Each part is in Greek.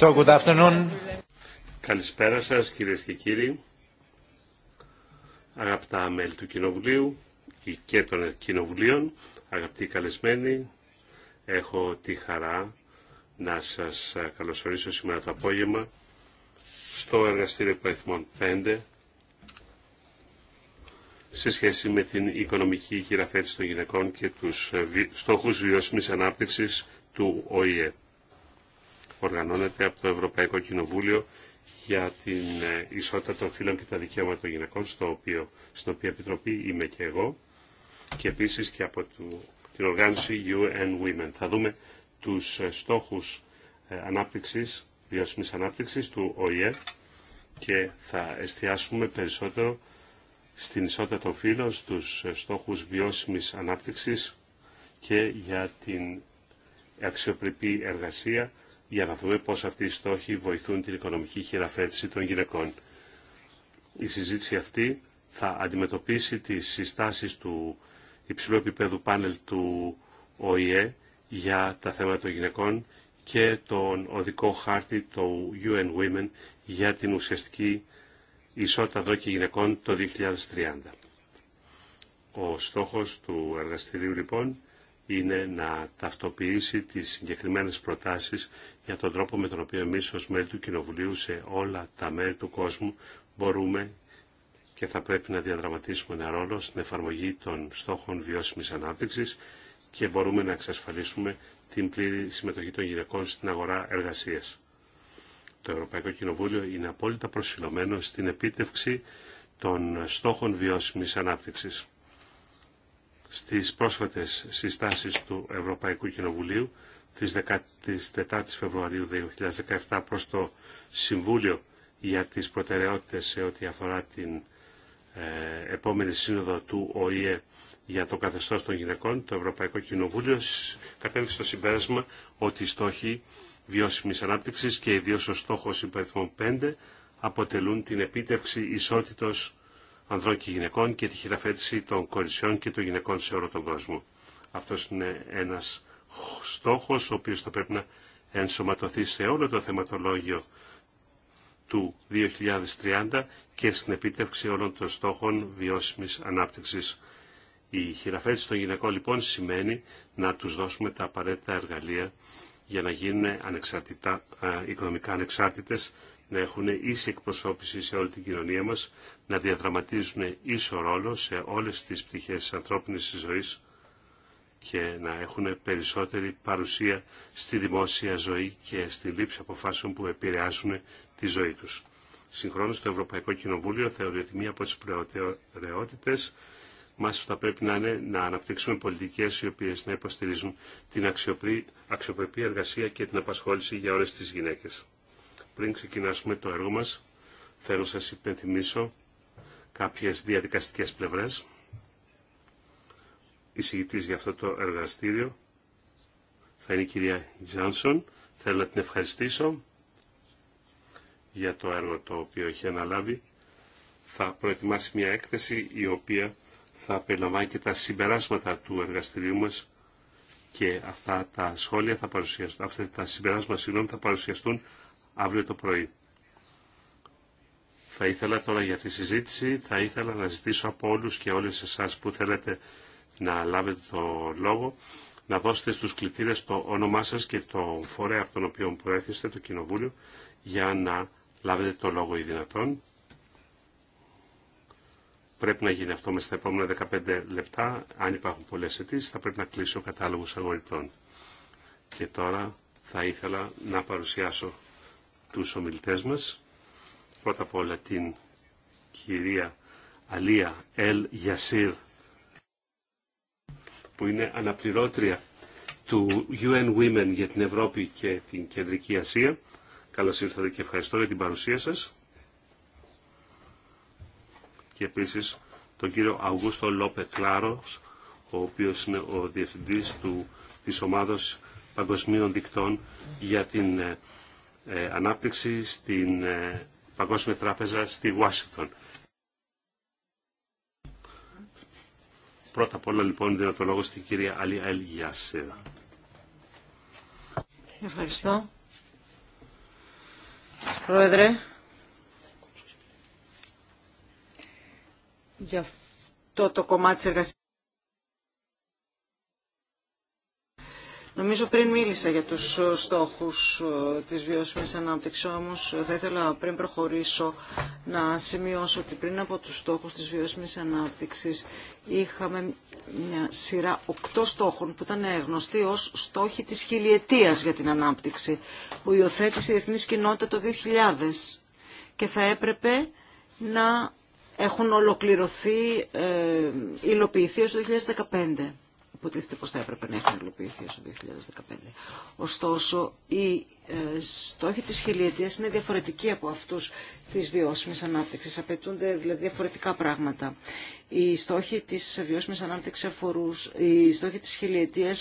So, good afternoon. Καλησπέρα σας κυρίες και κύριοι, αγαπητά μέλη του Κοινοβουλίου και των Κοινοβουλίων, αγαπητοί καλεσμένοι, έχω τη χαρά να σας καλωσορίσω σήμερα το απόγευμα στο εργαστήριο Παριθμών 5 σε σχέση με την οικονομική χειραφέτηση των γυναικών και τους ε, στόχους βιώσιμης ανάπτυξης του ΟΗΕ. Οργανώνεται από το Ευρωπαϊκό Κοινοβούλιο για την ε, ισότητα των φύλων και τα δικαιώματα των γυναικών, στο οποίο, στην οποία επιτροπή είμαι και εγώ, και επίσης και από την οργάνωση UN Women. Θα δούμε τους ε, στόχους ανάπτυξης, βιώσιμης ανάπτυξης του ΟΗΕ και θα εστιάσουμε περισσότερο στην ισότητα των φύλων, στους ε, στόχους βιώσιμης ανάπτυξης και για την αξιοπρεπή εργασία για να δούμε πώς αυτοί οι στόχοι βοηθούν την οικονομική χειραφέτηση των γυναικών. Η συζήτηση αυτή θα αντιμετωπίσει τις συστάσεις του υψηλού επίπεδου πάνελ του ΟΗΕ για τα θέματα των γυναικών και τον οδικό χάρτη του UN Women για την ουσιαστική ισότητα δρόκη και γυναικών το 2030. Ο στόχος του εργαστηρίου λοιπόν είναι να ταυτοποιήσει τις συγκεκριμένες προτάσεις για τον τρόπο με τον οποίο εμείς ως μέλη του Κοινοβουλίου σε όλα τα μέρη του κόσμου μπορούμε και θα πρέπει να διαδραματίσουμε ένα ρόλο στην εφαρμογή των στόχων βιώσιμης ανάπτυξης και μπορούμε να εξασφαλίσουμε την πλήρη συμμετοχή των γυναικών στην αγορά εργασίας το Ευρωπαϊκό Κοινοβούλιο είναι απόλυτα προσιλωμένο στην επίτευξη των στόχων βιώσιμης ανάπτυξης. Στις πρόσφατες συστάσεις του Ευρωπαϊκού Κοινοβουλίου της 14 Φεβρουαρίου 2017 προς το Συμβούλιο για τις προτεραιότητες σε ό,τι αφορά την ε, επόμενη σύνοδο του ΟΗΕ για το καθεστώς των γυναικών, το Ευρωπαϊκό Κοινοβούλιο κατέληξε στο συμπέρασμα ότι οι στόχοι βιώσιμης ανάπτυξης και ιδίως ο στόχος υπεριθμών 5 αποτελούν την επίτευξη ισότητος ανδρών και γυναικών και τη χειραφέτηση των κορισιών και των γυναικών σε όλο τον κόσμο. Αυτός είναι ένας στόχος ο οποίος θα πρέπει να ενσωματωθεί σε όλο το θεματολόγιο του 2030 και στην επίτευξη όλων των στόχων βιώσιμης ανάπτυξης. Η χειραφέτηση των γυναικών λοιπόν σημαίνει να τους δώσουμε τα απαραίτητα εργαλεία για να γίνουν ανεξαρτητά, οικονομικά ανεξάρτητες, να έχουν ίση εκπροσώπηση σε όλη την κοινωνία μας, να διαδραματίζουν ίσο ρόλο σε όλες τις πτυχές της ανθρώπινης ζωής και να έχουν περισσότερη παρουσία στη δημόσια ζωή και στη λήψη αποφάσεων που επηρεάζουν τη ζωή τους. Συγχρόνως το Ευρωπαϊκό Κοινοβούλιο θεωρεί ότι μία από τις προτεραιότητες μας θα πρέπει να είναι να αναπτύξουμε πολιτικές οι οποίες να υποστηρίζουν την αξιοπρεπή εργασία και την απασχόληση για όλες τις γυναίκες. Πριν ξεκινάσουμε το έργο μας, θέλω να σας υπενθυμίσω κάποιες διαδικαστικές πλευρές. Η για αυτό το εργαστήριο θα είναι η κυρία Τζάνσον. Θέλω να την ευχαριστήσω για το έργο το οποίο έχει αναλάβει. Θα προετοιμάσει μια έκθεση η οποία θα περιλαμβάνει και τα συμπεράσματα του εργαστηρίου μας και αυτά τα σχόλια θα παρουσιαστούν, αυτά τα συμπεράσματα συγγνώμη, θα παρουσιαστούν αύριο το πρωί. Θα ήθελα τώρα για τη συζήτηση, θα ήθελα να ζητήσω από όλους και όλες εσάς που θέλετε να λάβετε το λόγο, να δώσετε στους κλητήρες το όνομά σας και το φορέα από τον οποίο προέρχεστε, το Κοινοβούλιο, για να λάβετε το λόγο οι Πρέπει να γίνει αυτό μέσα στα επόμενα 15 λεπτά. Αν υπάρχουν πολλές αιτήσει, θα πρέπει να κλείσω ο κατάλογος Και τώρα θα ήθελα να παρουσιάσω τους ομιλητέ μας. Πρώτα απ' όλα την κυρία Αλία Ελ Γιασίρ, που είναι αναπληρώτρια του UN Women για την Ευρώπη και την Κεντρική Ασία. Καλώς ήρθατε και ευχαριστώ για την παρουσία σας και επίσης τον κύριο Αυγούστο Λόπε Κλάρος, ο οποίος είναι ο διευθυντής του, της ομάδος παγκοσμίων δικτών για την ε, ε, ανάπτυξη στην ε, Παγκόσμια Τράπεζα στη Ουάσιγκτον. Πρώτα απ' όλα λοιπόν δίνω το λόγο στην κυρία Αλή Ελγιάσερα. Ευχαριστώ. Πρόεδρε, για αυτό το κομμάτι της εργασίας. Νομίζω πριν μίλησα για τους ε, στόχους ε, της βιώσιμης ανάπτυξης, όμως ε, θα ήθελα πριν προχωρήσω να σημειώσω ότι πριν από τους στόχους της βιώσιμης ανάπτυξης είχαμε μια σειρά οκτώ στόχων που ήταν γνωστοί ως στόχοι της χιλιετίας για την ανάπτυξη, που υιοθέτησε η Εθνής Κοινότητα το 2000 και θα έπρεπε να έχουν ολοκληρωθεί, ε, υλοποιηθεί έως το 2015 υποτίθεται πως θα έπρεπε να έχουν υλοποιηθεί στο 2015. Ωστόσο, οι ε, στόχοι της χιλιετίας είναι διαφορετικοί από αυτούς της βιώσιμης ανάπτυξης. Απαιτούνται δηλαδή διαφορετικά πράγματα. Οι στόχοι της βιώσιμης ανάπτυξης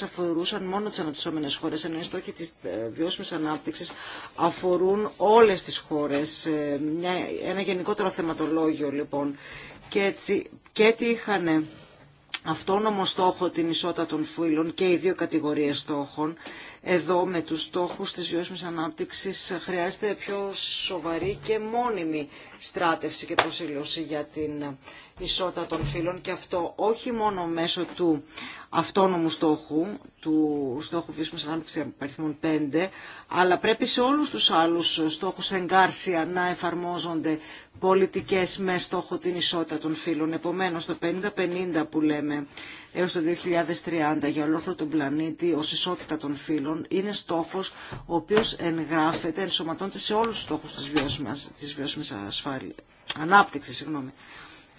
αφορούσαν μόνο τις αναπτυσσόμενες χώρες, ενώ οι στόχοι της ε, βιώσιμης ανάπτυξης αφορούν όλες τις χώρες. Ε, ένα γενικότερο θεματολόγιο λοιπόν. Και έτσι και τι είχαν αυτόνομο στόχο την ισότητα των φύλων και οι δύο κατηγορίες στόχων εδώ με τους στόχους της βιώσιμης ανάπτυξης χρειάζεται πιο σοβαρή και μόνιμη στράτευση και προσήλωση για την ισότητα των φύλων και αυτό όχι μόνο μέσω του αυτόνομου στόχου, του στόχου βιώσιμης ανάπτυξης αριθμών 5, αλλά πρέπει σε όλους τους άλλους στόχους εγκάρσια να εφαρμόζονται πολιτικές με στόχο την ισότητα των φύλων. Επομένως το 50-50 που λέμε έως το 2030 για ολόκληρο τον πλανήτη ως ισότητα των φύλων είναι στόχος ο οποίος εγγράφεται, ενσωματώνεται σε όλους τους στόχους της βιώσιμης, της ανάπτυξης. Συγγνώμη.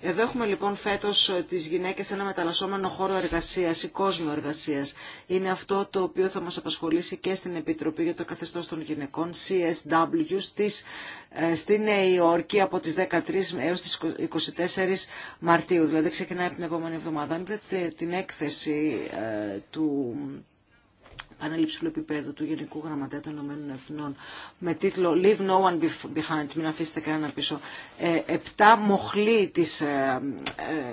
Εδώ έχουμε λοιπόν φέτος ε, τις γυναίκες σε ένα μεταλλασσόμενο χώρο εργασία ή κόσμο εργασία. Είναι αυτό το οποίο θα μας απασχολήσει και στην Επιτροπή για το Καθεστώς των Γυναικών CSW στις, ε, στη Νέα Υόρκη από τις 13 έως τις 24 Μαρτίου. Δηλαδή ξεκινάει από την επόμενη εβδομάδα. Αν την έκθεση ε, του του επίπεδου του Γενικού Γραμματέα των Ηνωμένων Εθνών με τίτλο Leave no one behind, μην αφήσετε κανένα πίσω. Ε, επτά μοχλοί τη ε,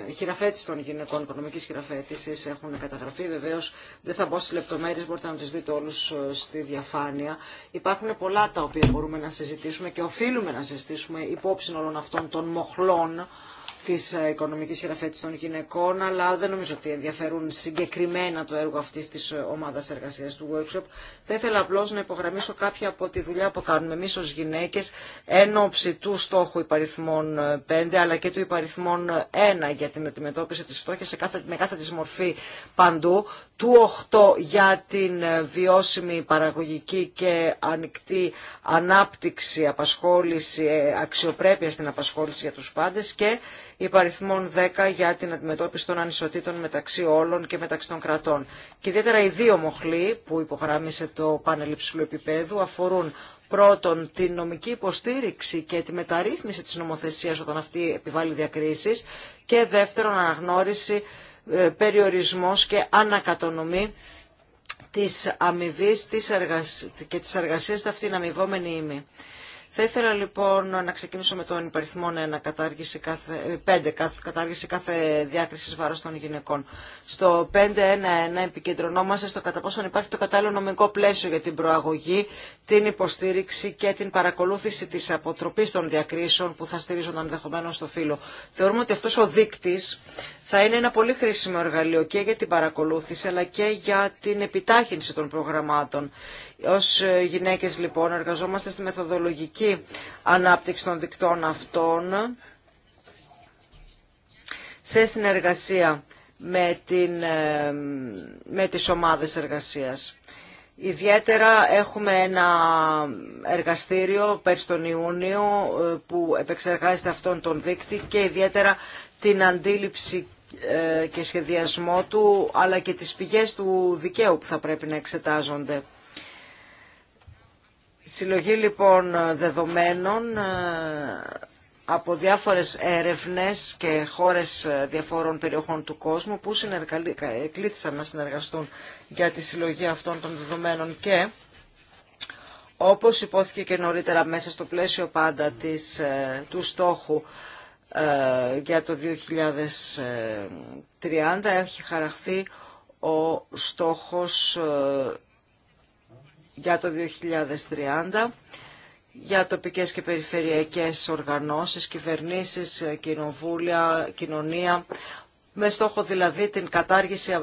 ε χειραφέτηση των γυναικών, οικονομική χειραφέτηση έχουν καταγραφεί. Βεβαίω δεν θα μπω στι λεπτομέρειε, μπορείτε να του δείτε όλου ε, στη διαφάνεια. Υπάρχουν πολλά τα οποία μπορούμε να συζητήσουμε και οφείλουμε να συζητήσουμε υπόψη όλων αυτών των μοχλών Τη ε, οικονομική χειραφέτηση των γυναικών, αλλά δεν νομίζω ότι ενδιαφέρουν συγκεκριμένα το έργο αυτή τη ε, ομάδα εργασία του workshop. Θα ήθελα απλώ να υπογραμμίσω κάποια από τη δουλειά που κάνουμε εμεί ω γυναίκε εν του στόχου υπαριθμών 5, ε, αλλά και του υπαριθμών 1 για την αντιμετώπιση τη φτώχεια με κάθε τη μορφή παντού, του 8 για την βιώσιμη παραγωγική και ανοιχτή ανάπτυξη, απασχόληση, αξιοπρέπεια στην απασχόληση για τους πάντες και υπαριθμών 10 για την αντιμετώπιση των ανισοτήτων μεταξύ όλων και μεταξύ των κρατών. Και ιδιαίτερα οι δύο μοχλοί που υπογράμμισε το πάνελ υψηλού επίπεδου αφορούν πρώτον την νομική υποστήριξη και τη μεταρρύθμιση της νομοθεσίας όταν αυτή επιβάλλει διακρίσεις και δεύτερον αναγνώριση, ε, περιορισμός και ανακατονομή της αμοιβή και της εργασίας αυτή αμοιβόμενη ήμη. Θα ήθελα λοιπόν να ξεκινήσω με τον υπαριθμό 1, κατάργηση κάθε, 5, ε, κατάργηση κάθε διάκριση βάρος των γυναικών. Στο 5.1.1 επικεντρωνόμαστε στο κατά πόσο υπάρχει το κατάλληλο νομικό πλαίσιο για την προαγωγή, την υποστήριξη και την παρακολούθηση της αποτροπής των διακρίσεων που θα στηρίζονταν ενδεχομένω στο φύλλο. Θεωρούμε ότι αυτός ο δείκτης θα είναι ένα πολύ χρήσιμο εργαλείο και για την παρακολούθηση αλλά και για την επιτάχυνση των προγραμμάτων. Ως ε, γυναίκες λοιπόν εργαζόμαστε στη μεθοδολογική ανάπτυξη των δικτών αυτών σε συνεργασία με, την, ε, με τις ομάδες εργασίας. Ιδιαίτερα έχουμε ένα εργαστήριο πέρσι τον Ιούνιο ε, που επεξεργάζεται αυτόν τον δίκτυ και ιδιαίτερα την αντίληψη ε, και σχεδιασμό του, αλλά και τις πηγές του δικαίου που θα πρέπει να εξετάζονται. Συλλογή λοιπόν δεδομένων ε, από διάφορες έρευνες και χώρες ε, διαφόρων περιοχών του κόσμου που κλήθησαν να συνεργαστούν για τη συλλογή αυτών των δεδομένων και όπως υπόθηκε και νωρίτερα μέσα στο πλαίσιο πάντα της, του στόχου ε, για το 2030 έχει χαραχθεί ο στόχος ε, για το 2030 για τοπικές και περιφερειακές οργανώσεις, κυβερνήσεις, ε, κοινοβούλια, κοινωνία, με στόχο δηλαδή την κατάργηση,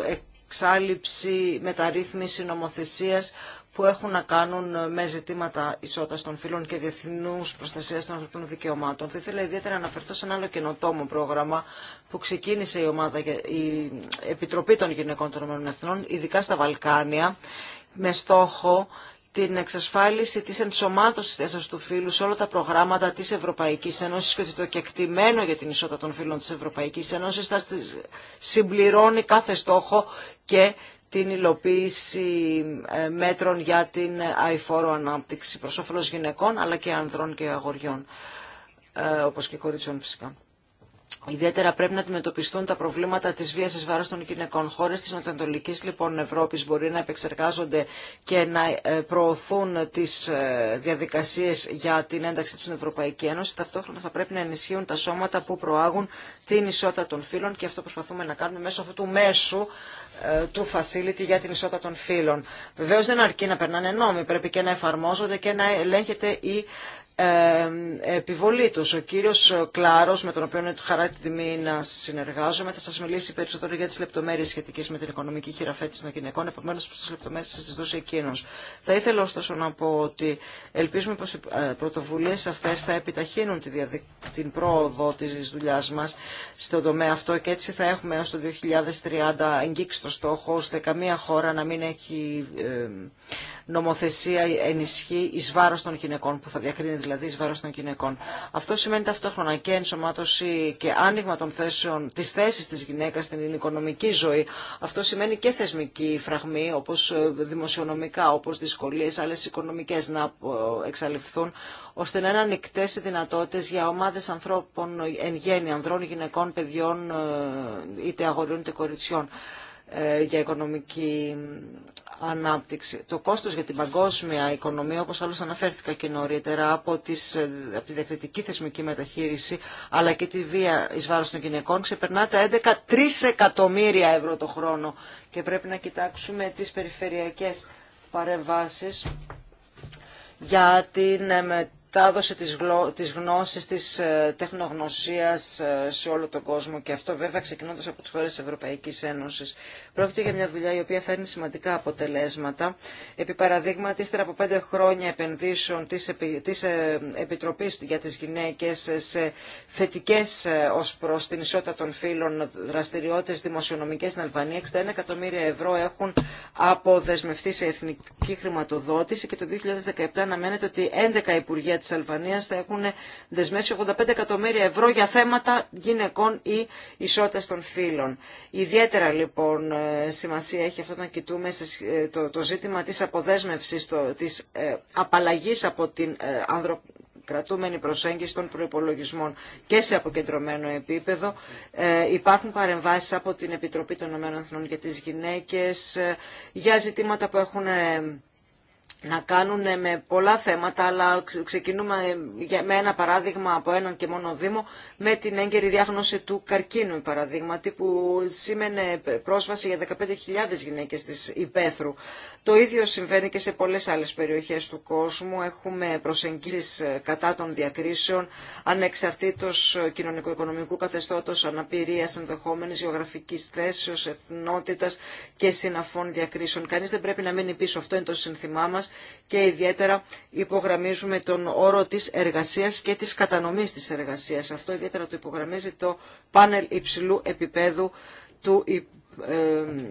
εξάλληψη, μεταρρύθμιση νομοθεσίας που έχουν να κάνουν ε, με ζητήματα ισότητας των φύλων και διεθνού προστασία των ανθρωπίνων δικαιωμάτων. Θα ήθελα ιδιαίτερα να αναφερθώ σε ένα άλλο καινοτόμο πρόγραμμα που ξεκίνησε η, ομάδα, η Επιτροπή των Γυναικών των Εθνών, ειδικά στα Βαλκάνια, με στόχο την εξασφάλιση της ενσωμάτωσης θέσης του φύλου σε όλα τα προγράμματα της Ευρωπαϊκής Ένωσης και ότι το κεκτημένο για την ισότητα των φύλων της Ευρωπαϊκής Ένωσης θα συμπληρώνει κάθε στόχο και την υλοποίηση ε, μέτρων για την αηφόρο ανάπτυξη προς όφελος γυναικών αλλά και ανδρών και αγοριών, ε, όπως και κορίτσιων φυσικά. Ιδιαίτερα πρέπει να αντιμετωπιστούν τα προβλήματα τη βία ει βάρο των γυναικών. Χώρε τη Νοτιοανατολική λοιπόν Ευρώπη μπορεί να επεξεργάζονται και να ε, προωθούν τι ε, διαδικασίε για την ένταξη του στην Ευρωπαϊκή Ένωση. Ταυτόχρονα θα πρέπει να ενισχύουν τα σώματα που προάγουν την ισότητα των φύλων και αυτό προσπαθούμε να κάνουμε μέσω αυτού του μέσου ε, του facility για την ισότητα των φύλων. Βεβαίω δεν αρκεί να περνάνε νόμοι, πρέπει και να εφαρμόζονται και να ελέγχεται η επιβολή τους. Ο κύριος Κλάρος, με τον οποίο είναι χαρά την τιμή να συνεργάζομαι, θα σας μιλήσει περισσότερο για τις λεπτομέρειες σχετικές με την οικονομική χειραφέτηση των γυναικών, επομένως προς τις λεπτομέρειες σας τις δώσει εκείνος. Θα ήθελα ωστόσο να πω ότι ελπίζουμε πως οι ε, πρωτοβουλίες αυτές θα επιταχύνουν την πρόοδο της δουλειά μας στον τομέα αυτό και έτσι θα έχουμε έως το 2030 εγγύξει το στόχο ώστε καμία χώρα να μην έχει νομοθεσία ενισχύ εις βάρος των γυναικών που θα διακρίνει δηλαδή ει βάρος των γυναικών. Αυτό σημαίνει ταυτόχρονα και ενσωμάτωση και άνοιγμα των θέσεων, τη θέσης της γυναίκας στην οικονομική ζωή. Αυτό σημαίνει και θεσμική φραγμή, όπως ε, δημοσιονομικά, όπως δυσκολίε, άλλε οικονομικές να ε, εξαλειφθούν, ώστε να είναι ανοιχτέ οι δυνατότητε για ομάδες ανθρώπων εν γέννη, ανδρών, γυναικών, παιδιών, ε, είτε αγοριών είτε κοριτσιών. Ε, για οικονομική ανάπτυξη. Το κόστος για την παγκόσμια οικονομία, όπως άλλως αναφέρθηκα και νωρίτερα, από, τις, ε, από τη διακριτική θεσμική μεταχείριση, αλλά και τη βία εις βάρος των γυναικών, ξεπερνά τα 11 τρισεκατομμύρια ευρώ το χρόνο. Και πρέπει να κοιτάξουμε τις περιφερειακές παρεμβάσεις για την ε, τα τις, γλω... τις γνώσεις της ε, τεχνογνωσίας ε, σε όλο τον κόσμο και αυτό βέβαια ξεκινώντας από τις χώρες της Ευρωπαϊκής Ένωσης. Πρόκειται για μια δουλειά η οποία φέρνει σημαντικά αποτελέσματα. Επί παραδείγματι, ύστερα από πέντε χρόνια επενδύσεων της, Επι... Ε, Επιτροπής για τις Γυναίκες σε θετικές ως προς την ισότητα των φύλων δραστηριότητες δημοσιονομικές στην Αλβανία, 61 εκατομμύρια ευρώ έχουν αποδεσμευτεί σε εθνική χρηματοδότηση και το 2017 αναμένεται ότι 11 υπουργεία Τη Αλβανία θα έχουν δεσμεύσει 85 εκατομμύρια ευρώ για θέματα γυναικών ή ισότητας των φύλων. Ιδιαίτερα λοιπόν ε, σημασία έχει αυτό να κοιτούμε ε, το, το ζήτημα της αποδέσμευσης, τη της ε, απαλλαγής από την ε, κρατούμενη προσέγγιση των προϋπολογισμών και σε αποκεντρωμένο επίπεδο. Ε, υπάρχουν παρεμβάσεις από την Επιτροπή των ΗΠΑ για τις γυναίκες, για ζητήματα που έχουν να κάνουν με πολλά θέματα, αλλά ξεκινούμε με ένα παράδειγμα από έναν και μόνο Δήμο, με την έγκαιρη διάγνωση του καρκίνου, παραδείγματι, που σήμαινε πρόσβαση για 15.000 γυναίκες της υπαίθρου. Το ίδιο συμβαίνει και σε πολλές άλλες περιοχές του κόσμου. Έχουμε προσεγγίσεις ε, κατά των διακρίσεων, ανεξαρτήτως ε, κοινωνικο-οικονομικού καθεστώτος, αναπηρίας, ενδεχόμενης γεωγραφικής θέσεως, εθνότητας και συναφών διακρίσεων. Κανεί δεν πρέπει να μείνει πίσω. Αυτό είναι το συνθημά μα και ιδιαίτερα υπογραμμίζουμε τον όρο της εργασίας και της κατανομής της εργασίας. Αυτό ιδιαίτερα το υπογραμμίζει το πάνελ υψηλού επίπεδου του ε, ε,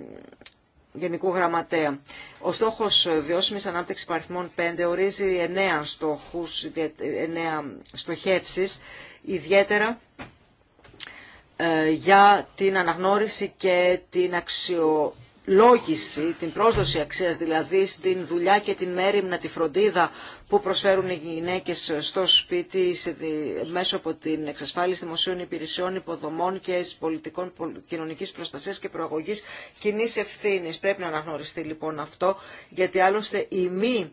Γενικού Γραμματέα. Ο στόχος βιώσιμης ανάπτυξης παριθμών 5 ορίζει 9 στόχους, 9 στοχεύσεις, ιδιαίτερα ε, για την αναγνώριση και την αξιοποίηση λόγηση, την πρόσδοση αξίας δηλαδή στην δουλειά και την μέρημνα τη φροντίδα που προσφέρουν οι γυναίκες στο σπίτι μέσω από την εξασφάλιση δημοσίων υπηρεσιών, υποδομών και πολιτικών κοινωνικής προστασίας και προαγωγής κοινή ευθύνη. Πρέπει να αναγνωριστεί λοιπόν αυτό, γιατί άλλωστε η μη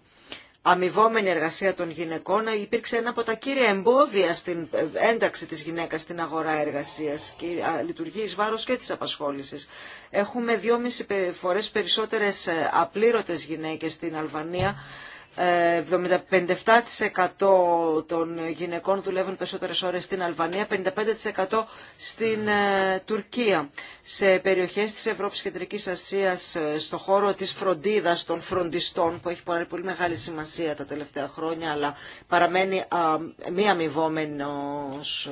αμοιβόμενη εργασία των γυναικών υπήρξε ένα από τα κύρια εμπόδια στην ένταξη της γυναίκας στην αγορά εργασίας και λειτουργεί εις βάρος και της απασχόλησης. Έχουμε δυόμιση φορές περισσότερες ε, απλήρωτες γυναίκες στην Αλβανία 77% των γυναικών δουλεύουν περισσότερες ώρες στην Αλβανία, 55% στην ε, Τουρκία. Σε περιοχές της Ευρώπης Κεντρικής Ασίας, ε, στο χώρο της φροντίδας των φροντιστών, που έχει πάρει πολύ μεγάλη σημασία τα τελευταία χρόνια, αλλά παραμένει μία αμοιβόμενος ε,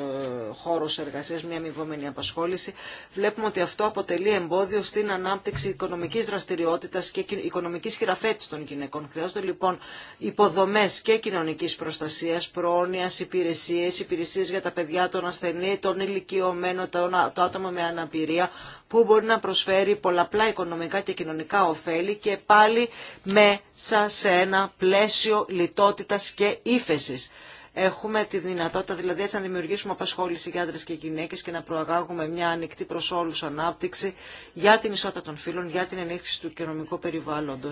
χώρος εργασίας, μία αμοιβόμενη απασχόληση, βλέπουμε ότι αυτό αποτελεί εμπόδιο στην ανάπτυξη οικονομικής δραστηριότητας και οικονομικής χειραφέτησης των γυναικών. Χρειάζονται λοιπόν υποδομές και κοινωνικής προστασίας, πρόνοιας, υπηρεσίες, υπηρεσίες για τα παιδιά, τον ασθενή, τον ηλικιωμένο, το άτομο με αναπηρία, που μπορεί να προσφέρει πολλαπλά οικονομικά και κοινωνικά ωφέλη και πάλι μέσα σε ένα πλαίσιο λιτότητας και ύφεσης. Έχουμε τη δυνατότητα δηλαδή έτσι να δημιουργήσουμε απασχόληση για άντρε και γυναίκε και να προαγάγουμε μια ανοιχτή προ όλου ανάπτυξη για την ισότητα των φύλων, για την ενίσχυση του οικονομικού περιβάλλοντο.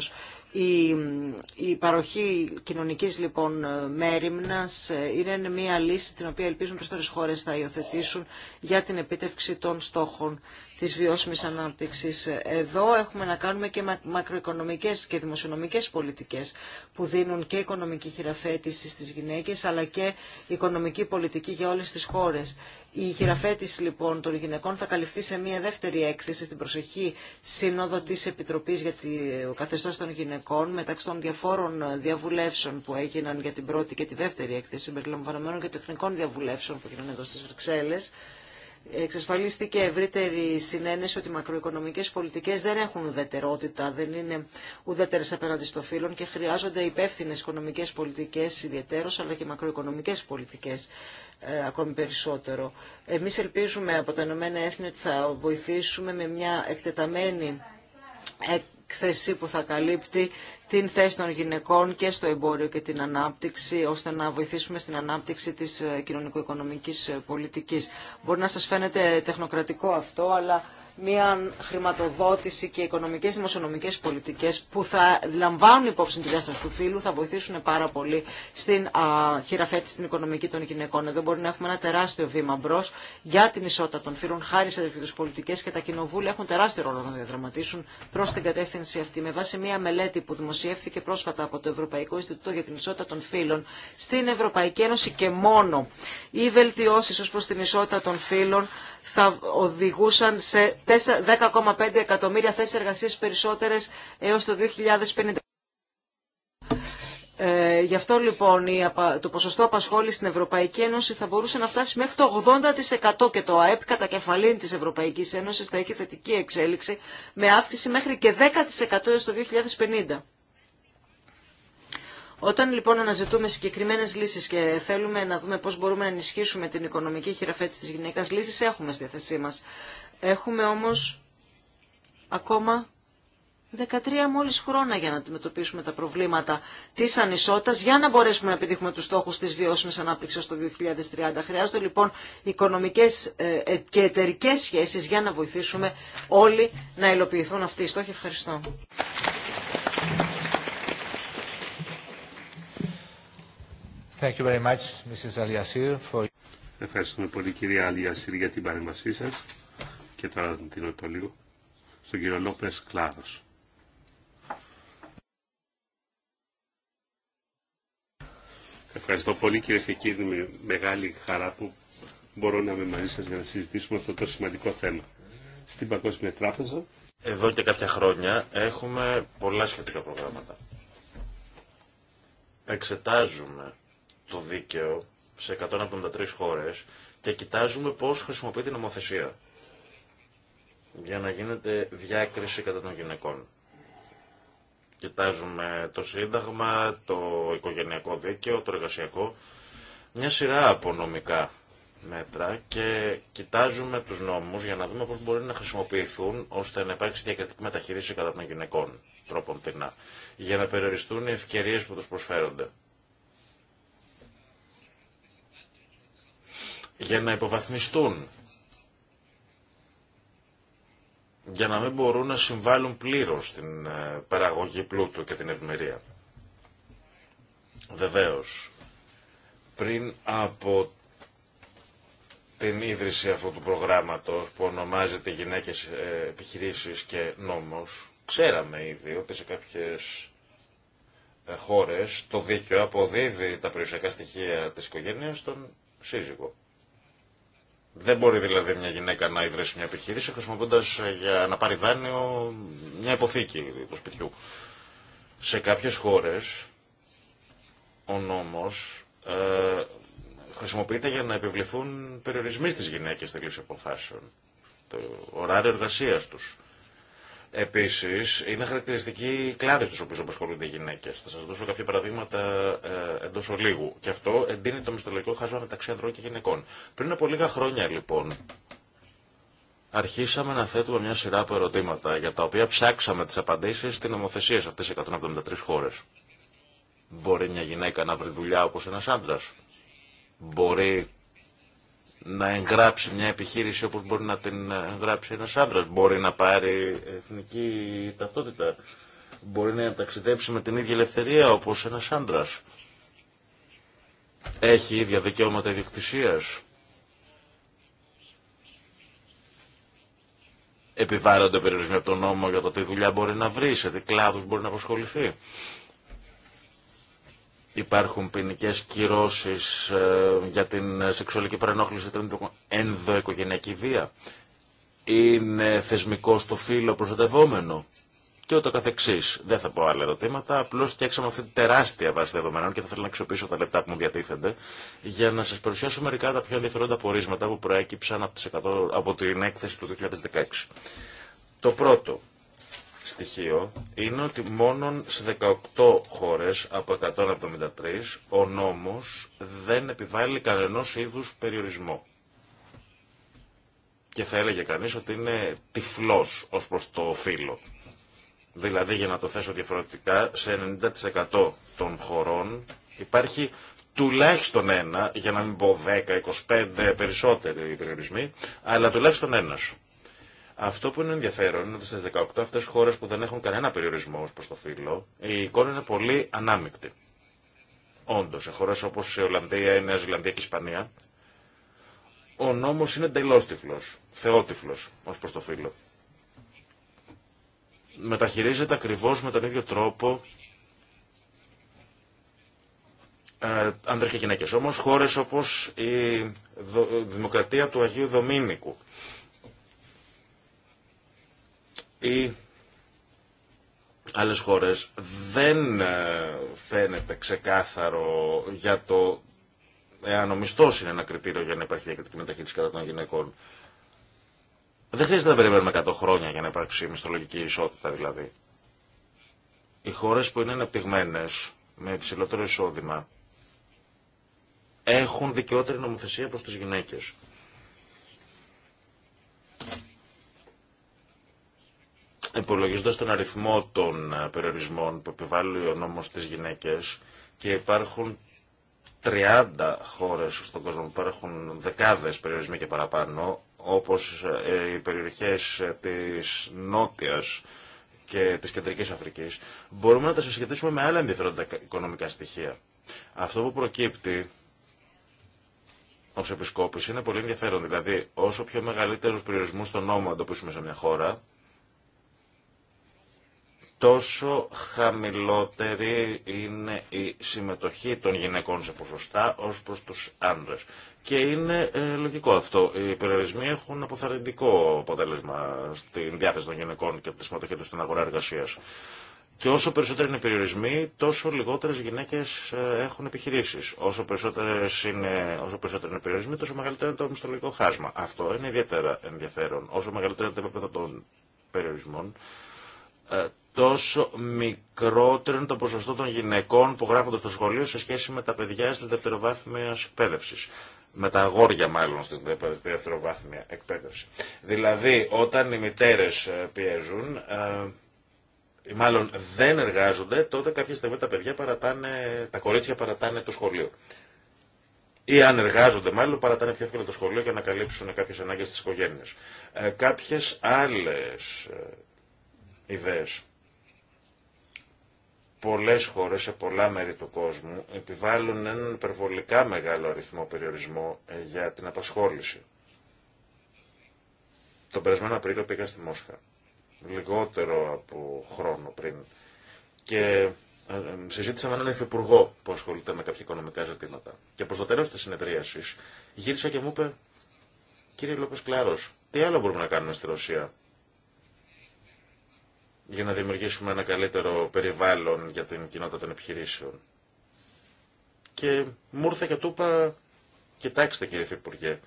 Η, η παροχή κοινωνικής λοιπόν μέρημνας ε, είναι μια λύση την οποία ελπίζουν περισσότερες χώρες θα υιοθετήσουν για την επίτευξη των στόχων της βιώσιμης ανάπτυξης. Εδώ έχουμε να κάνουμε και μακροοικονομικές και δημοσιονομικές πολιτικές που δίνουν και οικονομική χειραφέτηση στις γυναίκες αλλά και οικονομική πολιτική για όλες τις χώρες. Η χειραφέτηση λοιπόν των γυναικών θα καλυφθεί σε μια δεύτερη έκθεση στην προσεχή σύνοδο τη Επιτροπής για το καθεστώ των γυναικών μεταξύ των διαφόρων διαβουλεύσεων που έγιναν για την πρώτη και τη δεύτερη έκθεση συμπεριλαμβανομένων και τεχνικών διαβουλεύσεων που έγιναν εδώ στις Βρυξέλλες εξασφαλίστηκε ευρύτερη συνένεση ότι οι μακροοικονομικές πολιτικές δεν έχουν ουδετερότητα, δεν είναι ουδέτερες απέναντι στο φύλλον και χρειάζονται υπεύθυνε οικονομικές πολιτικές ιδιαίτερως, αλλά και μακροοικονομικές πολιτικές ε, ακόμη περισσότερο. Εμείς ελπίζουμε από τα Ηνωμένα Έθνη ότι θα βοηθήσουμε με μια εκτεταμένη ε, έκθεση που θα καλύπτει την θέση των γυναικών και στο εμπόριο και την ανάπτυξη, ώστε να βοηθήσουμε στην ανάπτυξη της ε, κοινωνικο-οικονομικής ε, πολιτικής. Μπορεί να σας φαίνεται τεχνοκρατικό αυτό, αλλά μια χρηματοδότηση και οικονομικές δημοσιονομικέ πολιτικέ που θα λαμβάνουν υπόψη την διάσταση του φύλου, θα βοηθήσουν πάρα πολύ στην α, χειραφέτηση στην οικονομική των γυναικών. Εδώ μπορεί να έχουμε ένα τεράστιο βήμα μπρο για την ισότητα των φύλων χάρη σε τέτοιου πολιτικέ και τα κοινοβούλια έχουν τεράστιο ρόλο να διαδραματίσουν προ την κατεύθυνση αυτή. Με βάση μια μελέτη που δημοσιεύθηκε πρόσφατα από το Ευρωπαϊκό Ινστιτούτο για την Ισότητα των Φύλων στην Ευρωπαϊκή Ένωση και μόνο οι βελτιώσει ω προ την ισότητα των φύλων θα οδηγούσαν σε 10,5 εκατομμύρια θέσεις εργασίας περισσότερες έως το 2050. Ε, γι' αυτό λοιπόν το ποσοστό απασχόληση στην Ευρωπαϊκή Ένωση θα μπορούσε να φτάσει μέχρι το 80% και το ΑΕΠ κατά κεφαλήν της Ευρωπαϊκής Ένωσης θα έχει θετική εξέλιξη με αύξηση μέχρι και 10% έως το 2050. Όταν λοιπόν αναζητούμε συγκεκριμένε λύσει και θέλουμε να δούμε πώ μπορούμε να ενισχύσουμε την οικονομική χειραφέτηση τη γυναίκα, λύσει έχουμε στη θέση μα. Έχουμε όμω ακόμα 13 μόλις χρόνια για να αντιμετωπίσουμε τα προβλήματα της ανισότητας για να μπορέσουμε να επιτύχουμε τους στόχους της βιώσιμης ανάπτυξης το 2030. Χρειάζονται λοιπόν οικονομικές ε, ε, και εταιρικές σχέσεις για να βοηθήσουμε όλοι να υλοποιηθούν αυτοί οι στόχοι. Ευχαριστώ. Ευχαριστούμε πολύ κυρία Αλιασίρ για την παρέμβασή σας και τώρα δίνω το λίγο στον κύριο Λόπες Κλάδος. Ευχαριστώ πολύ κύριε και κύριοι, με μεγάλη χαρά που μπορώ να είμαι μαζί σας για να συζητήσουμε αυτό το σημαντικό θέμα. Στην Παγκόσμια Τράπεζα. Εδώ και κάποια χρόνια έχουμε πολλά σχετικά προγράμματα. Εξετάζουμε το δίκαιο σε 173 χώρες και κοιτάζουμε πώς χρησιμοποιεί την νομοθεσία για να γίνεται διάκριση κατά των γυναικών. Κοιτάζουμε το σύνταγμα, το οικογενειακό δίκαιο, το εργασιακό, μια σειρά από νομικά μέτρα και κοιτάζουμε τους νόμους για να δούμε πώς μπορεί να χρησιμοποιηθούν ώστε να υπάρξει διακριτική μεταχείριση κατά των γυναικών τρόπον τεινά, για να περιοριστούν οι ευκαιρίες που τους προσφέρονται. για να υποβαθμιστούν, για να μην μπορούν να συμβάλλουν πλήρως στην ε, παραγωγή πλούτου και την ευημερία, Βεβαίως, πριν από την ίδρυση αυτού του προγράμματος που ονομάζεται «Γυναίκες ε, επιχειρήσεις και νόμος», ξέραμε ήδη ότι σε κάποιες ε, χώρες το δίκαιο αποδίδει τα περιουσιακά στοιχεία της οικογένειας στον σύζυγο. Δεν μπορεί δηλαδή μια γυναίκα να ιδρύσει μια επιχείρηση χρησιμοποιώντα ε, για να πάρει δάνειο μια υποθήκη του σπιτιού. Σε κάποιες χώρε ο νόμος ε, χρησιμοποιείται για να επιβληθούν περιορισμοί στις γυναίκες στη λήψη αποφάσεων. Το ωράριο εργασία του. Επίση, είναι χαρακτηριστική η κλάδη στου οποίου απασχολούνται οι γυναίκε. Θα σα δώσω κάποια παραδείγματα ε, εντό ολίγου. Και αυτό εντείνει το μισθολογικό χάσμα μεταξύ ανδρών και γυναικών. Πριν από λίγα χρόνια, λοιπόν, αρχίσαμε να θέτουμε μια σειρά από ερωτήματα για τα οποία ψάξαμε τι απαντήσει στην νομοθεσία σε αυτέ τι 173 χώρε. Μπορεί μια γυναίκα να βρει δουλειά όπω ένα άντρα. Μπορεί να εγγράψει μια επιχείρηση όπως μπορεί να την εγγράψει ένας άντρας. Μπορεί να πάρει εθνική ταυτότητα. Μπορεί να ταξιδέψει με την ίδια ελευθερία όπως ένας άντρας. Έχει ίδια δικαιώματα ιδιοκτησίας. Επιβάλλονται περιορισμοί από τον νόμο για το τι δουλειά μπορεί να βρει, σε τι κλάδους μπορεί να απασχοληθεί. Υπάρχουν ποινικέ κυρώσει ε, για την σεξουαλική παρενόχληση την ενδοοικογενειακή βία. Είναι θεσμικό στο φύλλο προστατευόμενο. Και ούτω καθεξή. Δεν θα πω άλλα ερωτήματα. Απλώ φτιάξαμε αυτή τη τεράστια βάση δεδομένων και θα ήθελα να αξιοποιήσω τα λεπτά που μου διατίθενται για να σα παρουσιάσω μερικά τα πιο ενδιαφέροντα πορίσματα που προέκυψαν από, 100, από την έκθεση του 2016. Το πρώτο, στοιχείο είναι ότι μόνο σε 18 χώρες από 173 ο νόμος δεν επιβάλλει κανένα είδους περιορισμό. Και θα έλεγε κανείς ότι είναι τυφλός ως προς το φύλλο. Δηλαδή, για να το θέσω διαφορετικά, σε 90% των χωρών υπάρχει τουλάχιστον ένα, για να μην πω 10, 25 περισσότεροι περιορισμοί, αλλά τουλάχιστον ένας αυτό που είναι ενδιαφέρον είναι ότι στι 18 αυτέ χώρε που δεν έχουν κανένα περιορισμό ω προ το φύλλο, η εικόνα είναι πολύ ανάμεικτη. Όντω, σε χώρε όπω η Ολλανδία, η Νέα Ζηλανδία και η Ισπανία, ο νόμο είναι εντελώ τυφλό, θεότυφλο ω προ το φύλλο. Μεταχειρίζεται ακριβώ με τον ίδιο τρόπο ε, άνδρες και γυναίκες. Όμως χώρες όπως η Δημοκρατία του Αγίου Δομήνικου, ή άλλες χώρες δεν ε, φαίνεται ξεκάθαρο για το εάν ο μισθό είναι ένα κριτήριο για να υπάρχει διακριτική μεταχείριση κατά των γυναικών. Δεν χρειάζεται να περιμένουμε 100 χρόνια για να υπάρξει μισθολογική ισότητα δηλαδή. Οι χώρες που είναι αναπτυγμένες με υψηλότερο εισόδημα έχουν δικαιότερη νομοθεσία προς τις γυναίκες υπολογίζοντας τον αριθμό των ε, περιορισμών που επιβάλλει ο νόμος στις γυναίκες και υπάρχουν 30 χώρες στον κόσμο που υπάρχουν δεκάδες περιορισμοί και παραπάνω, όπως ε, οι περιοχές ε, της νότιας και της κεντρικής Αφρικής, μπορούμε να τα συσχετίσουμε με άλλα ενδιαφέροντα οικονομικά στοιχεία. Αυτό που προκύπτει ως επισκόπηση είναι πολύ ενδιαφέρον. Δηλαδή, όσο πιο μεγαλύτερους περιορισμούς στον νόμο αντοπίσουμε σε μια χώρα, τόσο χαμηλότερη είναι η συμμετοχή των γυναικών σε ποσοστά ως προς τους άντρες. Και είναι ε, λογικό αυτό. Οι περιορισμοί έχουν αποθαρρυντικό αποτέλεσμα στην διάθεση των γυναικών και τη συμμετοχή τους στην αγορά εργασίας. Και όσο περισσότεροι είναι οι περιορισμοί, τόσο λιγότερες γυναίκες ε, έχουν επιχειρήσεις. Όσο, περισσότερες είναι, όσο περισσότεροι είναι οι περιορισμοί, τόσο μεγαλύτερο είναι το μισθολογικό χάσμα. Αυτό είναι ιδιαίτερα ενδιαφέρον. Όσο μεγαλύτερο είναι το επίπεδο των περιορισμών, ε, τόσο μικρότερο είναι το ποσοστό των γυναικών που γράφονται στο σχολείο σε σχέση με τα παιδιά στη δευτεροβάθμια εκπαίδευση. Με τα αγόρια μάλλον στη δευτεροβάθμια εκπαίδευση. Δηλαδή, όταν οι μητέρε ε, πιέζουν, ε, ή μάλλον δεν εργάζονται, τότε κάποια στιγμή τα παιδιά παρατάνε, τα κορίτσια παρατάνε το σχολείο. Ή αν εργάζονται, μάλλον παρατάνε πιο εύκολα το σχολείο για να καλύψουν κάποιε ανάγκε τη οικογένεια. Ε, κάποιε άλλε ιδέες πολλές χώρες σε πολλά μέρη του κόσμου επιβάλλουν έναν υπερβολικά μεγάλο αριθμό περιορισμό ε, για την απασχόληση. Τον περασμένο Απρίλιο πήγα στη Μόσχα, λιγότερο από χρόνο πριν, και ε, ε, συζήτησα με έναν υφυπουργό που ασχολείται με κάποια οικονομικά ζητήματα. Και προς το τέλος της συνεδρίασης γύρισα και μου είπε, κύριε Λόπες Κλάρος, τι άλλο μπορούμε να κάνουμε στη Ρωσία για να δημιουργήσουμε ένα καλύτερο περιβάλλον για την κοινότητα των επιχειρήσεων. Και μου ήρθε και του είπα, κοιτάξτε κύριε Υφυπουργέ,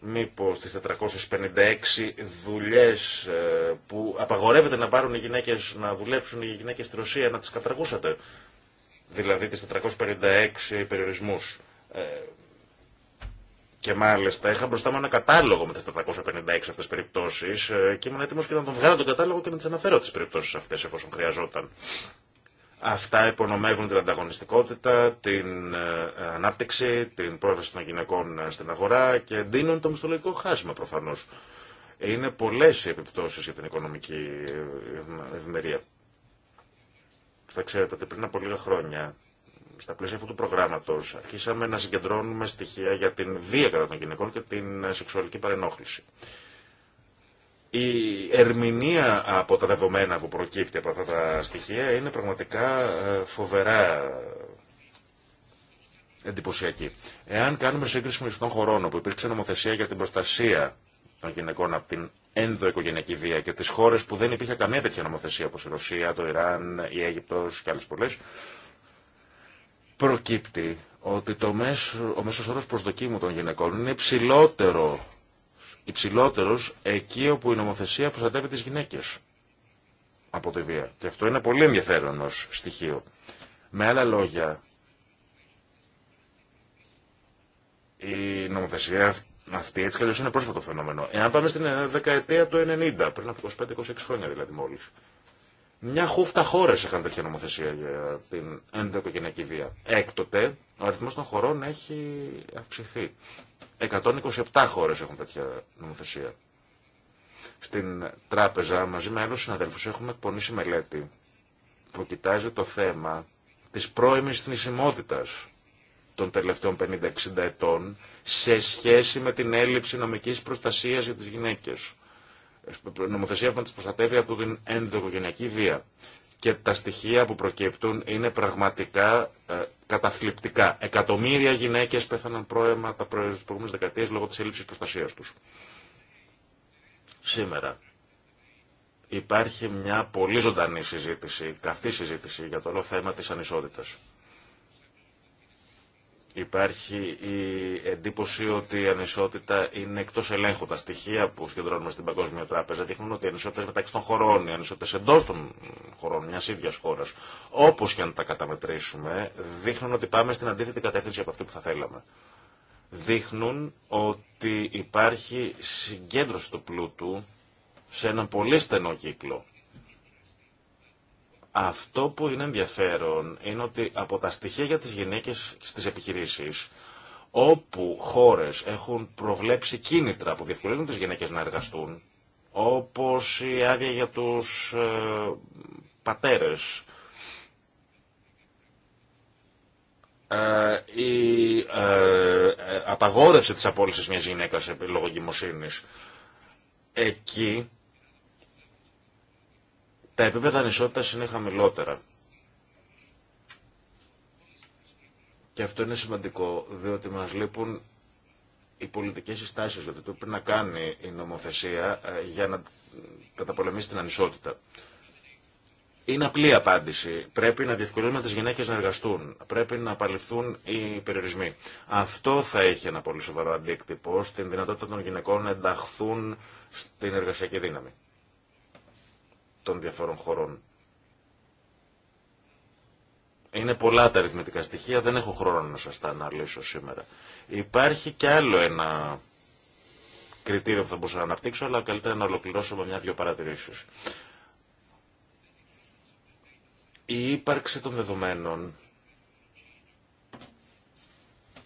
μήπως τις 456 δουλειές ε, που απαγορεύεται να πάρουν οι γυναίκες, να δουλέψουν οι γυναίκες στη Ρωσία, να τις καταργούσατε. Δηλαδή τις 456 περιορισμούς. Ε, και μάλιστα είχα μπροστά μου ένα κατάλογο με τι 456 αυτέ περιπτώσει και ήμουν έτοιμο και να τον βγάλω τον κατάλογο και να τι αναφέρω τι περιπτώσει αυτέ εφόσον χρειαζόταν. Αυτά υπονομεύουν την ανταγωνιστικότητα, την ε, ανάπτυξη, την πρόθεση των γυναικών ε, στην αγορά και δίνουν το μισθολογικό χάσμα προφανώ. Είναι πολλέ οι επιπτώσει για την οικονομική ε, ευημερία. Θα ξέρετε ότι πριν από λίγα χρόνια στα πλαίσια αυτού του προγράμματο αρχίσαμε να συγκεντρώνουμε στοιχεία για την βία κατά των γυναικών και την σεξουαλική παρενόχληση. Η ερμηνεία από τα δεδομένα που προκύπτει από αυτά τα στοιχεία είναι πραγματικά ε, φοβερά εντυπωσιακή. Εάν κάνουμε σύγκριση με τον χωρών όπου υπήρξε νομοθεσία για την προστασία των γυναικών από την ενδοοικογενειακή βία και τις χώρες που δεν υπήρχε καμία τέτοια νομοθεσία όπω η Ρωσία, το Ιράν, η Αίγυπτος και άλλε πολλέ, προκύπτει ότι το μέσο, ο μέσος όρος προσδοκίμου των γυναικών είναι υψηλότερο, υψηλότερος εκεί όπου η νομοθεσία προστατεύει τις γυναίκες από τη βία. Και αυτό είναι πολύ ενδιαφέρον ως στοιχείο. Με άλλα λόγια, η νομοθεσία αυτή έτσι καλώς είναι πρόσφατο φαινόμενο. Εάν πάμε στην δεκαετία του 90, πριν από 25-26 χρόνια δηλαδή μόλις, μια χούφτα χώρε είχαν τέτοια νομοθεσία για την ενδοοικογενειακή βία. Έκτοτε, ο αριθμό των χωρών έχει αυξηθεί. 127 χώρε έχουν τέτοια νομοθεσία. Στην τράπεζα, μαζί με άλλου συναδέλφου, έχουμε εκπονήσει μελέτη που κοιτάζει το θέμα τη πρώιμη θνησιμότητα των τελευταίων 50-60 ετών σε σχέση με την έλλειψη νομικής προστασίας για τις γυναίκες νομοθεσία που να προστατεύει από την ενδοοικογενειακή βία. Και τα στοιχεία που προκύπτουν είναι πραγματικά ε, καταθλιπτικά. Εκατομμύρια γυναίκες πέθαναν πρόεμα τα προηγούμενε δεκαετίες λόγω της έλλειψης προστασία τους. Σήμερα υπάρχει μια πολύ ζωντανή συζήτηση, καυτή συζήτηση για το όλο θέμα τη ανισότητα. Υπάρχει η εντύπωση ότι η ανισότητα είναι εκτό ελέγχου. Τα στοιχεία που συγκεντρώνουμε στην Παγκόσμια Τράπεζα δείχνουν ότι οι ανισότητε μεταξύ των χωρών, οι ανισότητε εντό των χωρών μια ίδια χώρα, όπω και αν τα καταμετρήσουμε, δείχνουν ότι πάμε στην αντίθετη κατεύθυνση από αυτή που θα θέλαμε. Δείχνουν ότι υπάρχει συγκέντρωση του πλούτου σε ένα πολύ στενό κύκλο αυτό που είναι ενδιαφέρον είναι ότι από τα στοιχεία για τις γυναίκες στις επιχειρήσεις, όπου χώρες έχουν προβλέψει κίνητρα που διευκολύνουν τις γυναίκες να εργαστούν, όπως η άδεια για τους ε, πατέρες, ε, η ε, ε, απαγόρευση της απόλυσης μιας γυναίκας λόγω εγκυμοσύνης, εκεί τα επίπεδα ανισότητα είναι χαμηλότερα. Και αυτό είναι σημαντικό, διότι μας λείπουν οι πολιτικές συστάσεις, γιατί το πρέπει να κάνει η νομοθεσία ε, για να καταπολεμήσει την ανισότητα. Είναι απλή απάντηση. Πρέπει να διευκολύνουμε τι γυναίκε να εργαστούν. Πρέπει να απαλληφθούν οι περιορισμοί. Αυτό θα έχει ένα πολύ σοβαρό αντίκτυπο στην δυνατότητα των γυναικών να ενταχθούν στην εργασιακή δύναμη των διαφορών χωρών. Είναι πολλά τα αριθμητικά στοιχεία, δεν έχω χρόνο να σας τα αναλύσω σήμερα. Υπάρχει και άλλο ένα κριτήριο που θα μπορούσα να αναπτύξω, αλλά καλύτερα να ολοκληρώσω με μια-δυο παρατηρήσεις. Η ύπαρξη των δεδομένων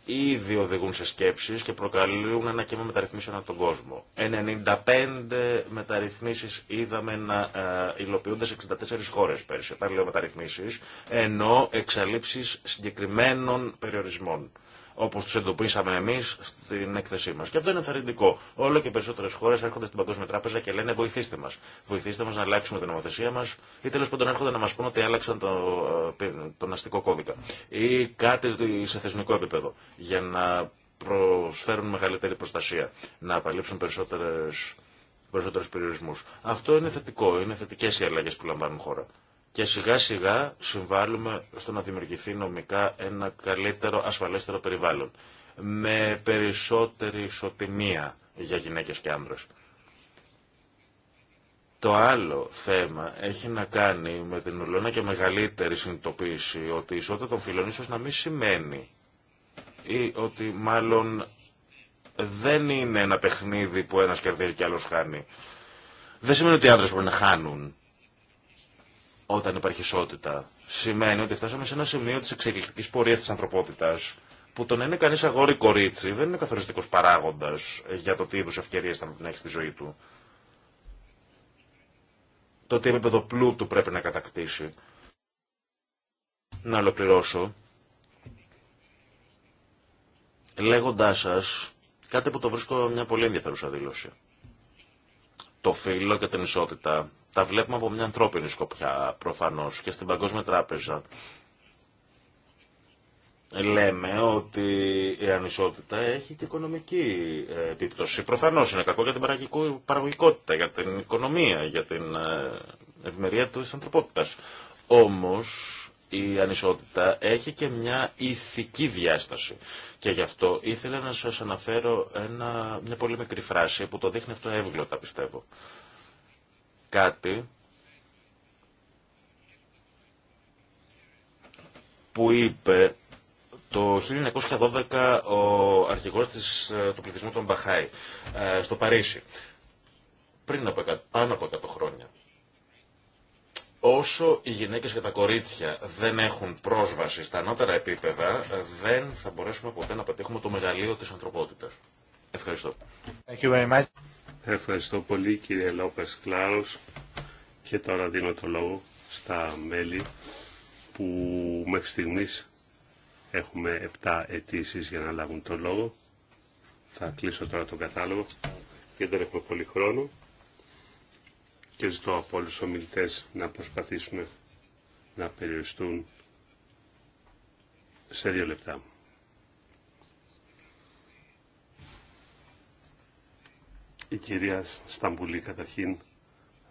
ήδη οδηγούν σε σκέψεις και προκαλούν ένα κύμα μεταρρυθμίσεων από τον κόσμο. 95 μεταρρυθμίσεις είδαμε να ε, υλοποιούνται σε 64 χώρες πέρσι, όταν λέω ενώ εξαλείψεις συγκεκριμένων περιορισμών όπω του εντοπίσαμε εμεί στην έκθεσή μα. Και αυτό είναι ενθαρρυντικό. Όλο και περισσότερε χώρε έρχονται στην Παγκόσμια Τράπεζα και λένε βοηθήστε μα. Βοηθήστε μα να αλλάξουμε την νομοθεσία μα ή τέλο πάντων έρχονται να μα πούν ότι άλλαξαν το, ε, τον αστικό κώδικα ή κάτι σε θεσμικό επίπεδο για να προσφέρουν μεγαλύτερη προστασία, να απαλείψουν περισσότερες, περιορισμού. Αυτό είναι θετικό, είναι θετικές οι αλλαγές που λαμβάνουν χώρα και σιγά σιγά συμβάλλουμε στο να δημιουργηθεί νομικά ένα καλύτερο, ασφαλέστερο περιβάλλον. Με περισσότερη ισοτιμία για γυναίκες και άνδρες. Το άλλο θέμα έχει να κάνει με την ολόνα και μεγαλύτερη συνειδητοποίηση ότι η ισότητα των φιλών ίσως να μην σημαίνει ή ότι μάλλον δεν είναι ένα παιχνίδι που ένας κερδίζει και άλλος χάνει. Δεν σημαίνει ότι οι άνδρες πρέπει να χάνουν όταν υπάρχει ισότητα. Σημαίνει ότι φτάσαμε σε ένα σημείο τη εξελικτική πορεία τη ανθρωπότητα που το να είναι κανεί αγόρι-κορίτσι δεν είναι καθοριστικό παράγοντα για το τι είδου ευκαιρίε θα να έχει στη ζωή του. Το τι επίπεδο πλούτου πρέπει να κατακτήσει. Να ολοκληρώσω λέγοντά σα κάτι που το βρίσκω μια πολύ ενδιαφέρουσα δήλωση. Το φύλλο και την ισότητα τα βλέπουμε από μια ανθρώπινη σκοπιά προφανώς και στην Παγκόσμια Τράπεζα λέμε ότι η ανισότητα έχει και οικονομική επίπτωση. Προφανώς είναι κακό για την παραγωγικότητα, για την οικονομία, για την ε, ευημερία της ανθρωπότητας. Όμως η ανισότητα έχει και μια ηθική διάσταση. Και γι' αυτό ήθελα να σας αναφέρω ένα, μια πολύ μικρή φράση που το δείχνει αυτό εύγλωτα πιστεύω κάτι που είπε το 1912 ο αρχηγός της, ε, του πληθυσμού των Μπαχάη ε, στο Παρίσι πριν από, πάνω από 100 χρόνια. Όσο οι γυναίκες και τα κορίτσια δεν έχουν πρόσβαση στα ανώτερα επίπεδα, δεν θα μπορέσουμε ποτέ να πετύχουμε το μεγαλείο της ανθρωπότητας. Ευχαριστώ. Thank you very much. Ευχαριστώ πολύ κύριε Λόπες Κλάρος και τώρα δίνω το λόγο στα μέλη που μέχρι στιγμής έχουμε 7 αιτήσει για να λάβουν το λόγο. Θα κλείσω τώρα τον κατάλογο γιατί δεν έχουμε πολύ χρόνο και ζητώ από όλους τους ομιλητές να προσπαθήσουν να περιοριστούν σε δύο λεπτά. η κυρία Σταμπουλή καταρχήν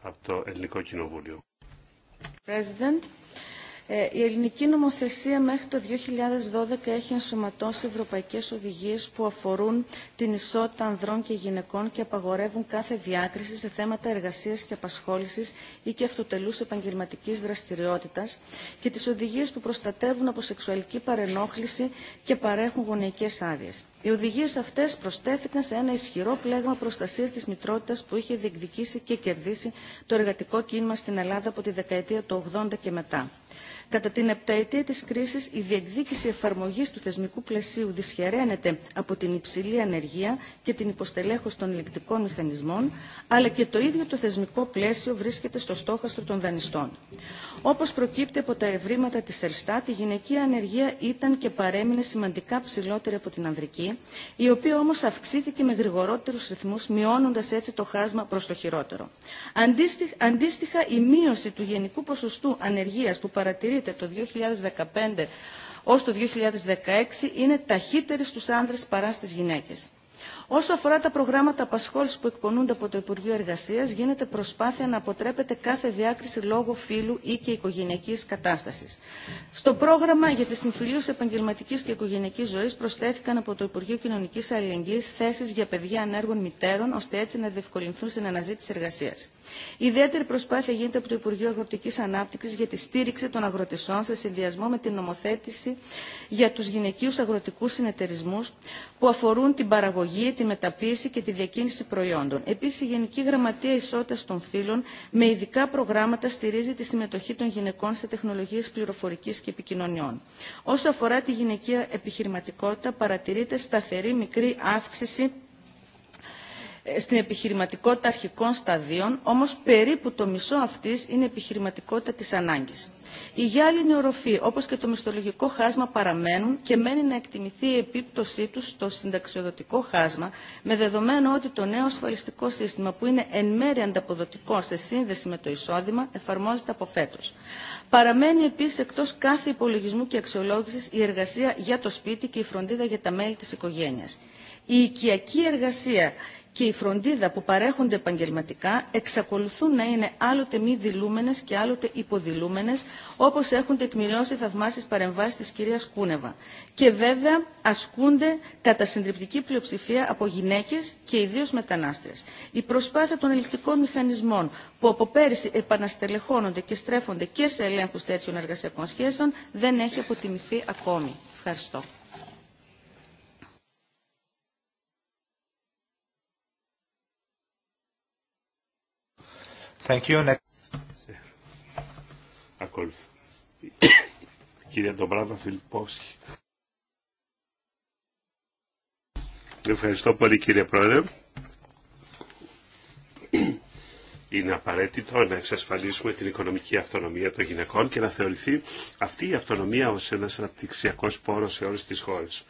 από το Ελληνικό Κοινοβούλιο. President. Ε, η ελληνική νομοθεσία μέχρι το 2012 έχει ενσωματώσει ευρωπαϊκές οδηγίες που αφορούν την ισότητα ανδρών και γυναικών και απαγορεύουν κάθε διάκριση σε θέματα εργασίας και απασχόλησης ή και αυτοτελούς επαγγελματικής δραστηριότητας και τις οδηγίες που προστατεύουν από σεξουαλική παρενόχληση και παρέχουν γονεϊκές άδειες. Οι οδηγίε αυτέ προστέθηκαν σε ένα ισχυρό πλέγμα προστασία τη μητρότητα που είχε διεκδικήσει και κερδίσει το εργατικό κίνημα στην Ελλάδα από τη δεκαετία του 80 και μετά. Κατά την επταετία της κρίσης, η διεκδίκηση εφαρμογής του θεσμικού πλαισίου δυσχεραίνεται από την υψηλή ανεργία και την υποστελέχωση των ελεκτικών μηχανισμών, αλλά και το ίδιο το θεσμικό πλαίσιο βρίσκεται στο στόχαστρο των δανειστών. Όπως προκύπτει από τα ευρήματα της ΕΡΣΤΑΤ, η γυναική ανεργία ήταν και παρέμεινε σημαντικά ψηλότερη από την ανδρική, η οποία όμως αυξήθηκε με γρηγορότερους ρυθμούς, μειώνοντας έτσι το χάσμα προς το χειρότερο. Αντίστοιχα, η μείωση του γενικού ποσοστού ανεργίας που παρατηρεί το 2015 ως το 2016 είναι ταχύτερη στους άνδρες παρά στις γυναίκες. Όσο αφορά τα προγράμματα απασχόληση που εκπονούνται από το Υπουργείο Εργασία, γίνεται προσπάθεια να αποτρέπεται κάθε διάκριση λόγω φύλου ή και οικογενειακή κατάσταση. Στο πρόγραμμα για τη συμφιλίωση επαγγελματική και οικογενειακή ζωή προσθέθηκαν από το Υπουργείο Κοινωνική Αλληλεγγύη θέσει για παιδιά ανέργων μητέρων, ώστε έτσι να διευκολυνθούν στην αναζήτηση εργασία. Ιδιαίτερη προσπάθεια γίνεται από το Υπουργείο Αγροτική Ανάπτυξη για τη στήριξη των αγροτησών σε συνδυασμό με την νομοθέτηση για του γυναικείου αγροτικού συνεταιρισμού που αφορούν την παραγωγή, τη μεταποίηση και τη διακίνηση προϊόντων. Επίση, η Γενική Γραμματεία Ισότητα των Φύλων με ειδικά προγράμματα στηρίζει τη συμμετοχή των γυναικών σε τεχνολογίε πληροφορική και επικοινωνιών. Όσο αφορά τη γυναικεία επιχειρηματικότητα, παρατηρείται σταθερή μικρή αύξηση ε, στην επιχειρηματικότητα αρχικών σταδίων, όμως περίπου το μισό αυτής είναι επιχειρηματικότητα της ανάγκης. Η γυάλινη οροφή, όπως και το μισθολογικό χάσμα, παραμένουν και μένει να εκτιμηθεί η επίπτωσή του στο συνταξιοδοτικό χάσμα, με δεδομένο ότι το νέο ασφαλιστικό σύστημα, που είναι εν μέρει ανταποδοτικό σε σύνδεση με το εισόδημα, εφαρμόζεται από φέτος. Παραμένει επίσης εκτός κάθε υπολογισμού και αξιολόγηση η εργασία για το σπίτι και η φροντίδα για τα μέλη της οικογένειας. Η οικιακή εργασία και η φροντίδα που παρέχονται επαγγελματικά εξακολουθούν να είναι άλλοτε μη δηλούμενες και άλλοτε υποδηλούμενες, όπως έχουν τεκμηριώσει θαυμάσεις παρεμβάσεις της κυρία Κούνεβα. Και βέβαια ασκούνται κατά συντριπτική πλειοψηφία από γυναίκες και ιδίω μετανάστρες. Η προσπάθεια των ελληνικών μηχανισμών που από πέρυσι επαναστελεχώνονται και στρέφονται και σε ελέγχους τέτοιων εργασιακών σχέσεων δεν έχει αποτιμηθεί ακόμη. Ευχαριστώ. Ευχαριστώ πολύ κύριε Πρόεδρε. Είναι απαραίτητο να εξασφαλίσουμε την οικονομική αυτονομία των γυναικών και να θεωρηθεί αυτή η αυτονομία ως ένας αναπτυξιακός πόρος σε όλες τις χώρες.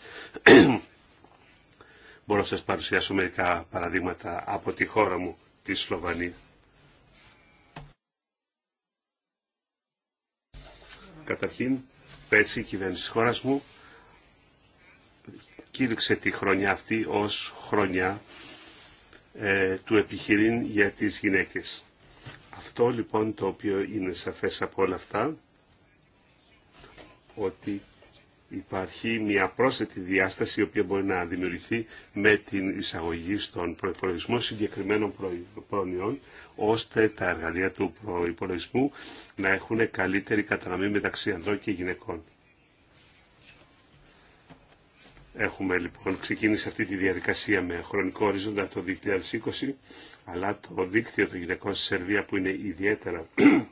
Μπορώ να σας παρουσιάσω μερικά παραδείγματα από τη χώρα μου, τη Σλοβανία. Καταρχήν, πέρσι η κυβέρνηση της χώρας μου κήρυξε τη χρονιά αυτή ως χρονιά ε, του επιχειρήν για τις γυναίκες. Αυτό λοιπόν το οποίο είναι σαφές από όλα αυτά, ότι υπάρχει μια πρόσθετη διάσταση η οποία μπορεί να δημιουργηθεί με την εισαγωγή στον προπολογισμό συγκεκριμένων πρόνοιων ώστε τα εργαλεία του προπολογισμού να έχουν καλύτερη κατανομή μεταξύ ανδρών και γυναικών. Έχουμε λοιπόν ξεκίνησε αυτή τη διαδικασία με χρονικό ορίζοντα το 2020, αλλά το δίκτυο των γυναικών στη Σερβία που είναι ιδιαίτερα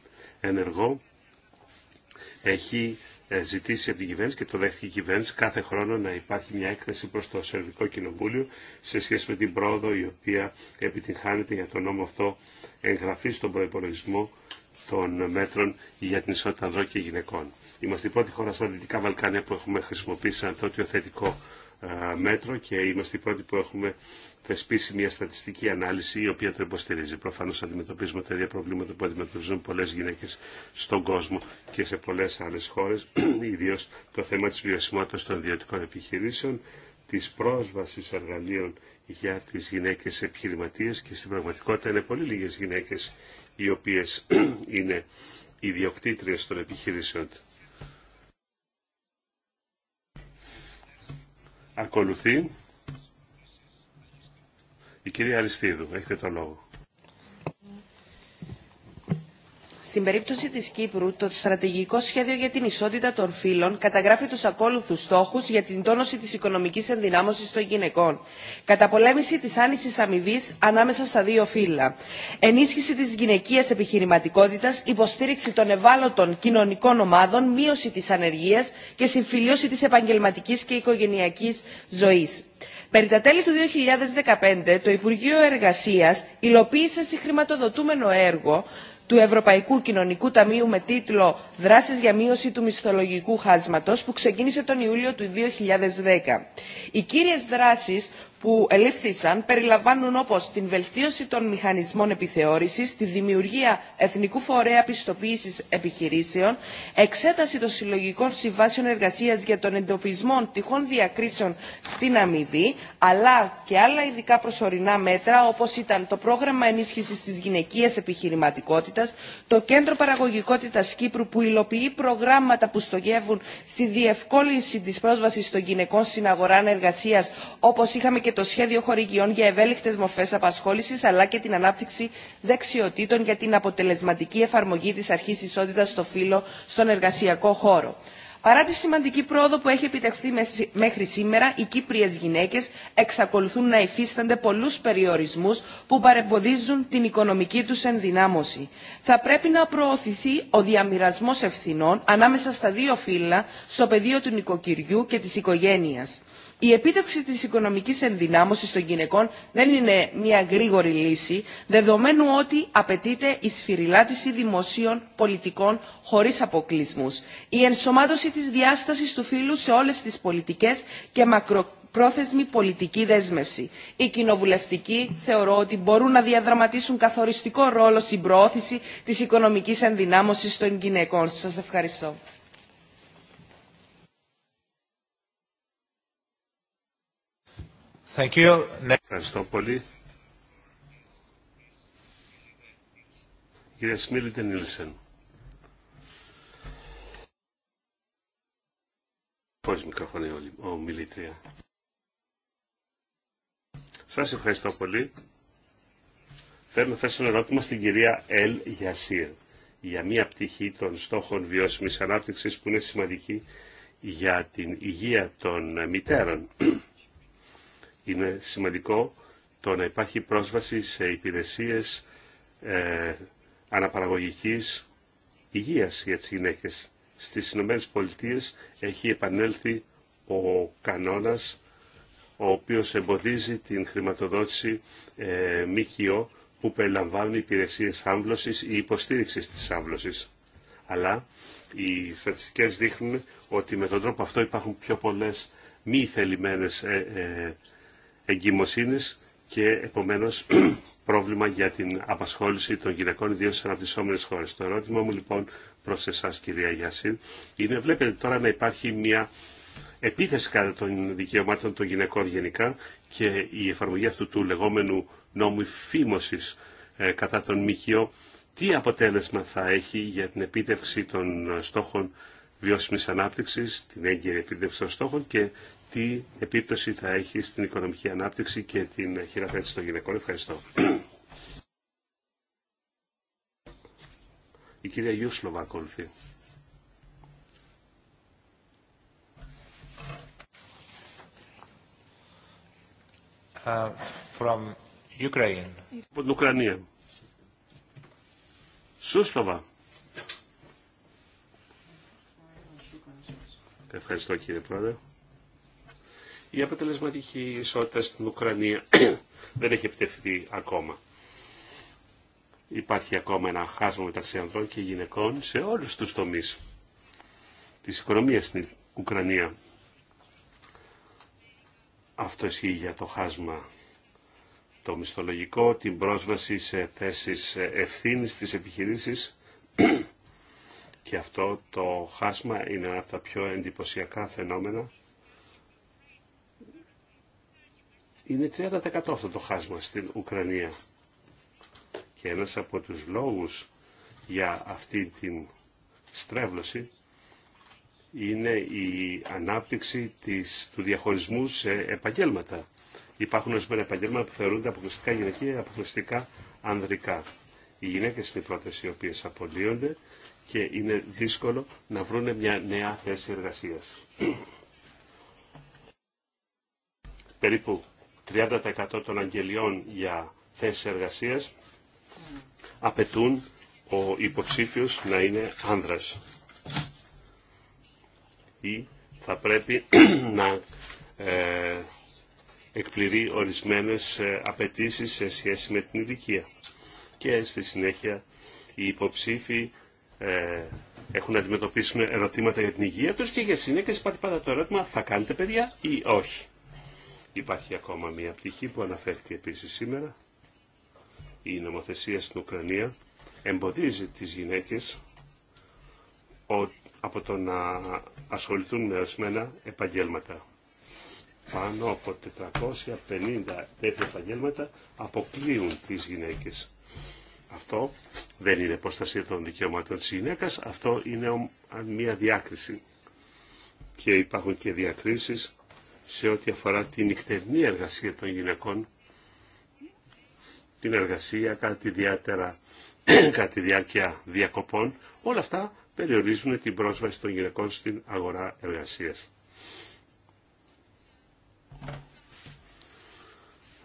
ενεργό έχει ε, ζητήσει από την κυβέρνηση και το δέχτηκε η κυβέρνηση κάθε χρόνο να υπάρχει μια έκθεση προς το Σερβικό Κοινοβούλιο σε σχέση με την πρόοδο η οποία επιτυγχάνεται για τον νόμο αυτό εγγραφή στον προπολογισμό των μέτρων για την ισότητα ανδρών και γυναικών. Είμαστε η πρώτη χώρα στα Δυτικά Βαλκάνια που έχουμε χρησιμοποιήσει ένα τέτοιο θετικό μέτρο και είμαστε οι πρώτοι που έχουμε θεσπίσει μια στατιστική ανάλυση η οποία το υποστηρίζει. Προφανώ αντιμετωπίζουμε τα ίδια προβλήματα που αντιμετωπίζουν πολλέ γυναίκε στον κόσμο και σε πολλέ άλλε χώρε, ιδίω το θέμα τη βιωσιμότητα των ιδιωτικών επιχειρήσεων, τη πρόσβαση εργαλείων για τι γυναίκε επιχειρηματίε και στην πραγματικότητα είναι πολύ λίγε γυναίκε οι οποίε είναι ιδιοκτήτριε των επιχειρήσεων Ακολουθεί η κυρία Αριστίδου. Έχετε το λόγο. Στην περίπτωση της Κύπρου, το στρατηγικό σχέδιο για την ισότητα των φύλων καταγράφει τους ακόλουθους στόχους για την τόνωση της οικονομικής ενδυνάμωσης των γυναικών. Καταπολέμηση της άνησης αμοιβή ανάμεσα στα δύο φύλλα. Ενίσχυση της γυναικείας επιχειρηματικότητας, υποστήριξη των ευάλωτων κοινωνικών ομάδων, μείωση της ανεργίας και συμφιλίωση της επαγγελματικής και οικογενειακής ζωής. Περί τα τέλη του 2015, το Υπουργείο Εργασίας υλοποίησε συγχρηματοδοτούμενο έργο του Ευρωπαϊκού Κοινωνικού Ταμείου με τίτλο «Δράσεις για μείωση του μισθολογικού χάσματος» που ξεκίνησε τον Ιούλιο του 2010. Οι κύριες δράσεις που ελήφθησαν περιλαμβάνουν όπως την βελτίωση των μηχανισμών επιθεώρησης, τη δημιουργία εθνικού φορέα πιστοποίησης επιχειρήσεων, εξέταση των συλλογικών συμβάσεων εργασίας για τον εντοπισμό τυχών διακρίσεων στην αμοιβή, αλλά και άλλα ειδικά προσωρινά μέτρα όπως ήταν το πρόγραμμα ενίσχυσης της γυναικείας επιχειρηματικότητας, το κέντρο παραγωγικότητας Κύπρου που υλοποιεί προγράμματα που στοχεύουν στη διευκόλυνση της πρόσβασης των γυναικών στην αγορά εργασίας όπως είχαμε και και το σχέδιο χορηγιών για ευέλικτες μορφέ απασχόλησης αλλά και την ανάπτυξη δεξιοτήτων για την αποτελεσματική εφαρμογή της αρχής ισότητας στο φύλλο στον εργασιακό χώρο. Παρά τη σημαντική πρόοδο που έχει επιτευχθεί μέχρι σήμερα, οι Κύπριες γυναίκες εξακολουθούν να υφίστανται πολλούς περιορισμούς που παρεμποδίζουν την οικονομική τους ενδυνάμωση. Θα πρέπει να προωθηθεί ο διαμοιρασμός ευθυνών ανάμεσα στα δύο φύλλα στο πεδίο του νοικοκυριού και της οικογένειας. Η επίτευξη της οικονομικής ενδυνάμωσης των γυναικών δεν είναι μια γρήγορη λύση, δεδομένου ότι απαιτείται η σφυριλάτηση δημοσίων πολιτικών χωρίς αποκλεισμούς, η ενσωμάτωση της διάστασης του φύλου σε όλες τις πολιτικές και μακροπρόθεσμη πολιτική δέσμευση. Οι κοινοβουλευτικοί θεωρώ ότι μπορούν να διαδραματίσουν καθοριστικό ρόλο στην προώθηση της οικονομικής ενδυνάμωσης των γυναικών. Σας ευχαριστώ. Ευχαριστώ πολύ. Κυρία ο Σας ευχαριστώ πολύ. Θέλω να θέσω ένα ερώτημα στην κυρία Ελ Γιασίρ για μία πτυχή των στόχων βιώσιμης ανάπτυξης που είναι σημαντική για την υγεία των μητέρων είναι σημαντικό το να υπάρχει πρόσβαση σε υπηρεσίες ε, αναπαραγωγικής υγείας για τις γυναίκες. Στις Ηνωμένες Πολιτείες έχει επανέλθει ο κανόνας ο οποίος εμποδίζει την χρηματοδότηση ε, ΜΚΟ που περιλαμβάνει υπηρεσίες άμβλωσης ή υποστήριξης της άμβλωσης. Αλλά οι στατιστικές δείχνουν ότι με τον τρόπο αυτό υπάρχουν πιο πολλές μη θελημένες ε, ε, εγκυμοσύνης και επομένως πρόβλημα για την απασχόληση των γυναικών ιδίως στις αναπτυσσόμενες χώρες. Το ερώτημα μου λοιπόν προς εσάς κυρία Γιασίν είναι βλέπετε τώρα να υπάρχει μια επίθεση κατά των δικαιωμάτων των γυναικών γενικά και η εφαρμογή αυτού του λεγόμενου νόμου φήμωσης ε, κατά τον ΜΚΙΟ τι αποτέλεσμα θα έχει για την επίτευξη των στόχων βιώσιμης ανάπτυξης, την έγκαιρη επίτευξη των στόχων και τι επίπτωση θα έχει στην οικονομική ανάπτυξη και την χειραφέτηση των γυναικών. Ευχαριστώ. Η κυρία Γιούσλοβα ακολουθεί. Uh, from Ukraine. Από την Ουκρανία. Σούσλοβα. Ευχαριστώ κύριε Πρόεδρε. Η αποτελεσματική ισότητα στην Ουκρανία δεν έχει επιτευχθεί ακόμα. Υπάρχει ακόμα ένα χάσμα μεταξύ ανδρών και γυναικών σε όλους τους τομείς της οικονομίας στην Ουκρανία. Αυτό ισχύει για το χάσμα το μισθολογικό, την πρόσβαση σε θέσεις ευθύνης της επιχειρήσης και αυτό το χάσμα είναι ένα από τα πιο εντυπωσιακά φαινόμενα Είναι 30% αυτό το χάσμα στην Ουκρανία. Και ένας από τους λόγους για αυτή την στρέβλωση είναι η ανάπτυξη της, του διαχωρισμού σε επαγγέλματα. Υπάρχουν ορισμένα επαγγέλματα που θεωρούνται αποκλειστικά γυναικεία αποκλειστικά ανδρικά. Οι γυναίκες είναι οι πρώτες οι οποίες απολύονται και είναι δύσκολο να βρουν μια νέα θέση εργασίας. Περίπου 30% των αγγελιών για θέσεις εργασίας απαιτούν ο υποψήφιος να είναι άνδρας ή θα πρέπει να ε, εκπληρεί ορισμένες ε, απαιτήσεις σε σχέση με την ηλικία. Και στη συνέχεια οι υποψήφοι ε, έχουν να αντιμετωπίσουν ερωτήματα για την υγεία τους και για συνέχεια υπάρχει πάντα το ερώτημα θα κάνετε παιδιά ή όχι. Υπάρχει ακόμα μια πτυχή που αναφέρθηκε επίσης σήμερα. Η νομοθεσία στην Ουκρανία εμποδίζει τις γυναίκες από το να ασχοληθούν με ορισμένα επαγγέλματα. Πάνω από 450 τέτοια επαγγέλματα αποκλείουν τις γυναίκες. Αυτό δεν είναι προστασία των δικαιωμάτων της γυναίκας, αυτό είναι μια διάκριση. Και υπάρχουν και διακρίσεις σε ό,τι αφορά την νυχτερινή εργασία των γυναικών, την εργασία κατά τη, διάτερα, διάρκεια διακοπών, όλα αυτά περιορίζουν την πρόσβαση των γυναικών στην αγορά εργασίας.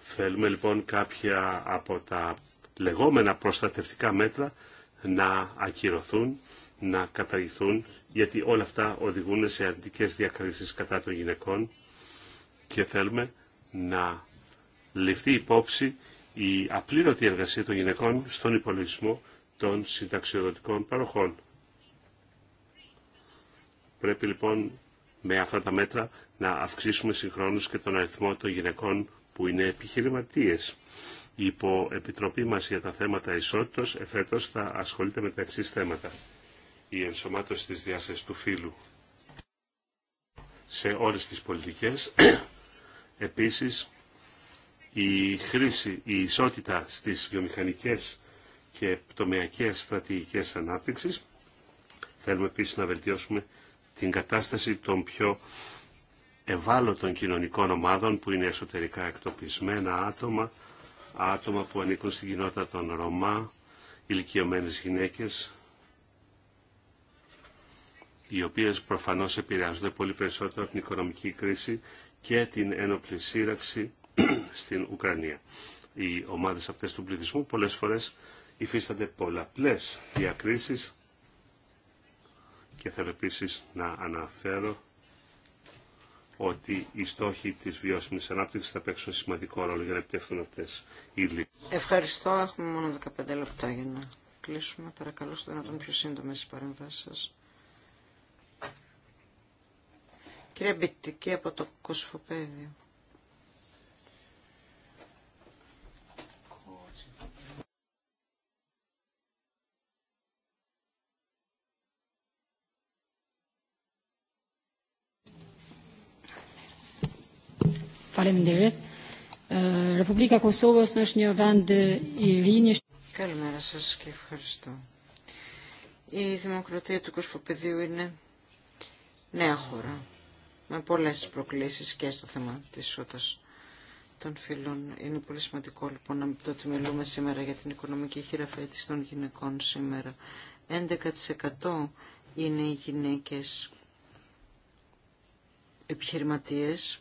Θέλουμε λοιπόν κάποια από τα λεγόμενα προστατευτικά μέτρα να ακυρωθούν, να καταργηθούν, γιατί όλα αυτά οδηγούν σε αρνητικές διακρίσεις κατά των γυναικών και θέλουμε να ληφθεί υπόψη η απλήρωτη εργασία των γυναικών στον υπολογισμό των συνταξιοδοτικών παροχών. Πρέπει λοιπόν με αυτά τα μέτρα να αυξήσουμε συγχρόνως και τον αριθμό των γυναικών που είναι επιχειρηματίες. Η υποεπιτροπή μας για τα θέματα ισότητος εφέτος θα ασχολείται με τα εξή θέματα. Η ενσωμάτωση της διάσταση του φύλου σε όλες τις πολιτικές Επίσης, η χρήση, η ισότητα στις βιομηχανικές και πτωμιακές στρατηγικές ανάπτυξης. Θέλουμε επίσης να βελτιώσουμε την κατάσταση των πιο ευάλωτων κοινωνικών ομάδων που είναι εσωτερικά εκτοπισμένα άτομα, άτομα που ανήκουν στην κοινότητα των Ρωμά, ηλικιωμένες γυναίκες, οι οποίες προφανώς επηρεάζονται πολύ περισσότερο από την οικονομική κρίση και την ένοπλη σύραξη στην Ουκρανία. Οι ομάδες αυτές του πληθυσμού πολλές φορές υφίστανται πολλαπλές διακρίσεις και θέλω επίση να αναφέρω ότι οι στόχοι της βιώσιμης ανάπτυξης θα παίξουν σημαντικό ρόλο για να επιτευχθούν αυτές οι λύσεις. Ευχαριστώ. Έχουμε μόνο 15 λεπτά για να κλείσουμε. Παρακαλώ στο τον πιο σύντομες οι παρεμβάσεις σας. Κυρία Μπιττική από το Κοσφοπέδιο. E, Καλημέρα σα και ευχαριστώ. Η δημοκρατία του Κοσφοπεδίου είναι νέα χώρα με πολλές προκλήσεις και στο θέμα της ισότητας των φίλων Είναι πολύ σημαντικό λοιπόν να το ότι μιλούμε σήμερα για την οικονομική χειραφέτηση των γυναικών σήμερα. 11% είναι οι γυναίκες επιχειρηματίες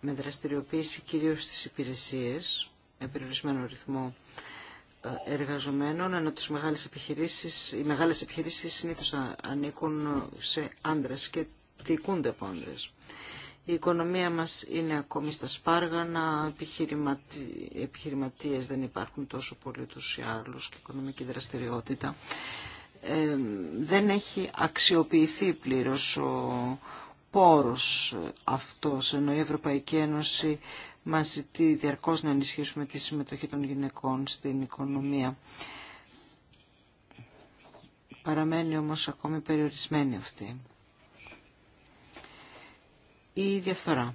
με δραστηριοποίηση κυρίως στις υπηρεσίες με περιορισμένο ρυθμό εργαζομένων, ενώ τις μεγάλες επιχειρήσεις, οι μεγάλες επιχειρήσεις συνήθως ανήκουν σε άντρες και δικούνται από άντρες. Η οικονομία μας είναι ακόμη στα σπάργανα, επιχειρηματι... επιχειρηματίες δεν υπάρχουν τόσο πολύ τους ή άλλους και οικονομική δραστηριότητα. Ε, δεν έχει αξιοποιηθεί πλήρως ο πόρος ε, αυτός, ενώ η Ευρωπαϊκή Ένωση μας ζητεί διαρκώς να ενισχύσουμε τη συμμετοχή των γυναικών στην οικονομία. Παραμένει όμως ακόμη περιορισμένη αυτή. Η διαφθορά,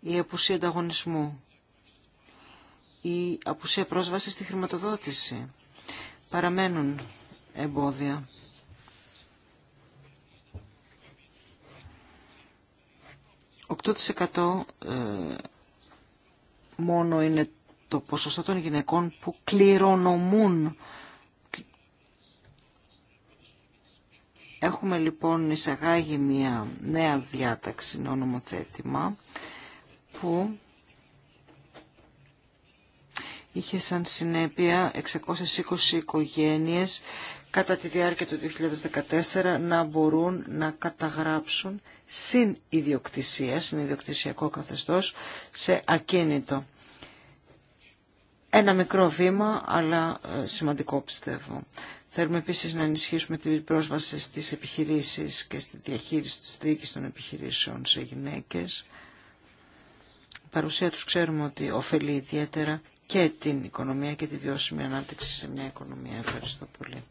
η απουσία ανταγωνισμού, η απουσία πρόσβαση στη χρηματοδότηση παραμένουν εμπόδια 8% ε, μόνο είναι το ποσοστό των γυναικών που κληρονομούν. Έχουμε λοιπόν εισαγάγει μια νέα διάταξη, νέο νομοθέτημα, που είχε σαν συνέπεια 620 οικογένειες κατά τη διάρκεια του 2014 να μπορούν να καταγράψουν συν ιδιοκτησία, συν ιδιοκτησιακό καθεστώς, σε ακίνητο. Ένα μικρό βήμα, αλλά ε, σημαντικό πιστεύω. Θέλουμε επίσης να ενισχύσουμε την πρόσβαση στις επιχειρήσεις και στη διαχείριση της διοίκησης των επιχειρήσεων σε γυναίκες. παρουσία τους ξέρουμε ότι ωφελεί ιδιαίτερα και την οικονομία και τη βιώσιμη ανάπτυξη σε μια οικονομία. Ευχαριστώ πολύ.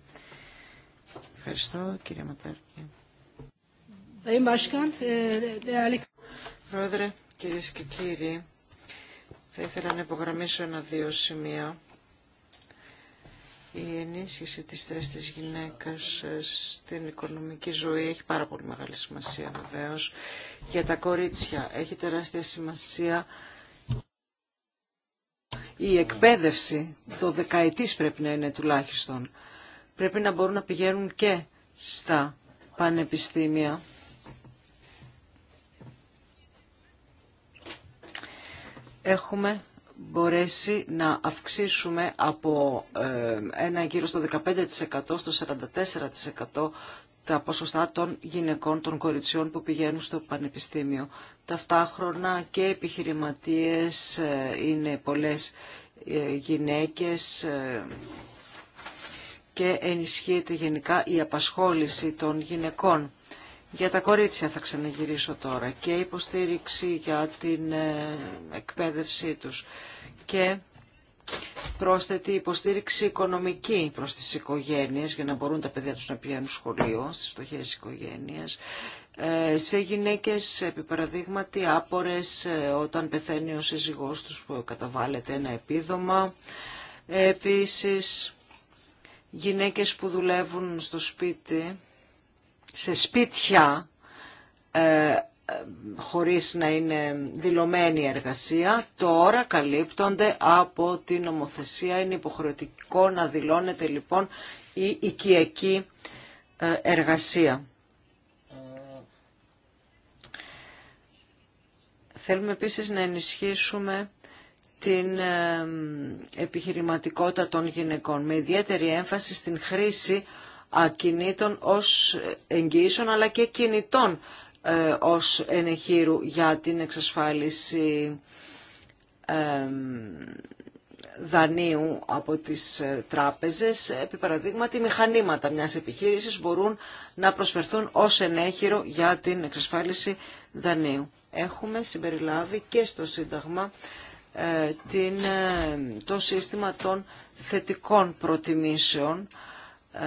Ευχαριστώ, κύριε Ματέρκη. Ε, Πρόεδρε, κυρίε και κύριοι, θα ήθελα να υπογραμμίσω ένα-δύο σημεία. Η ενίσχυση της θέσης της γυναίκας ε, στην οικονομική ζωή έχει πάρα πολύ μεγάλη σημασία βεβαίως. Για τα κορίτσια έχει τεράστια σημασία η εκπαίδευση, το δεκαετής πρέπει να είναι τουλάχιστον πρέπει να μπορούν να πηγαίνουν και στα πανεπιστήμια. Έχουμε μπορέσει να αυξήσουμε από ε, ένα γύρο στο 15% στο 44% τα ποσοστά των γυναικών, των κοριτσιών που πηγαίνουν στο πανεπιστήμιο. Ταυτάχρονα και επιχειρηματίες ε, είναι πολλές ε, γυναίκες και ενισχύεται γενικά η απασχόληση των γυναικών. Για τα κορίτσια θα ξαναγυρίσω τώρα και υποστήριξη για την ε, εκπαίδευσή τους και πρόσθετη υποστήριξη οικονομική προς τις οικογένειες για να μπορούν τα παιδιά τους να πηγαίνουν σχολείο στις φτωχές οικογένειες ε, σε γυναίκες επί παραδείγματι άπορες ε, όταν πεθαίνει ο σύζυγός τους που καταβάλλεται ένα επίδομα επίσης γυναίκες που δουλεύουν στο σπίτι, σε σπίτια, ε, ε χωρίς να είναι δηλωμένη εργασία, τώρα καλύπτονται από την νομοθεσία. Είναι υποχρεωτικό να δηλώνεται λοιπόν η οικιακή ε, εργασία. Θέλουμε επίσης να ενισχύσουμε την επιχειρηματικότητα των γυναικών με ιδιαίτερη έμφαση στην χρήση ακινήτων ως εγγύησεων αλλά και κινητών ε, ως ενεχείρου για την εξασφάλιση δανείου από τις ε, τράπεζες. Επί παραδείγματι, μηχανήματα μιας επιχείρησης μπορούν να προσφερθούν ως ενέχειρο για την εξασφάλιση δανείου. Έχουμε συμπεριλάβει και στο Σύνταγμα ε, την, ε, το σύστημα των θετικών προτιμήσεων, ε,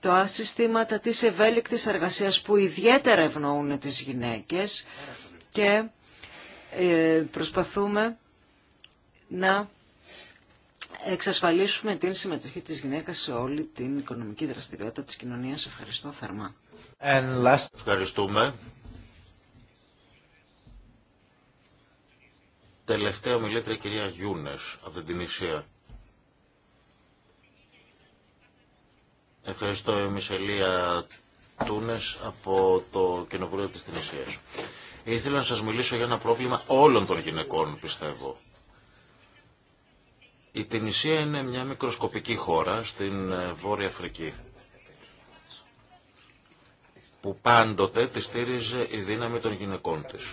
τα συστήματα της ευέλικτης εργασίας που ιδιαίτερα ευνοούν τις γυναίκες και προσπαθούμε να εξασφαλίσουμε την συμμετοχή της γυναίκας σε όλη την οικονομική δραστηριότητα της κοινωνίας. Ευχαριστώ θερμά. Ευχαριστούμε. Τελευταία ομιλήτρια κυρία Γιούνες από την Τινησία. Ευχαριστώ η Μισελία Τούνες από το Κοινοβούλιο της Τινησίας. Ήθελα να σας μιλήσω για ένα πρόβλημα όλων των γυναικών, πιστεύω. Η Τινησία είναι μια μικροσκοπική χώρα στην ε, Βόρεια Αφρική που πάντοτε τη στήριζε η δύναμη των γυναικών της.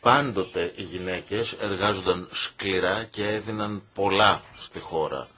Πάντοτε οι γυναίκες εργάζονταν σκληρά και έδιναν πολλά στη χώρα.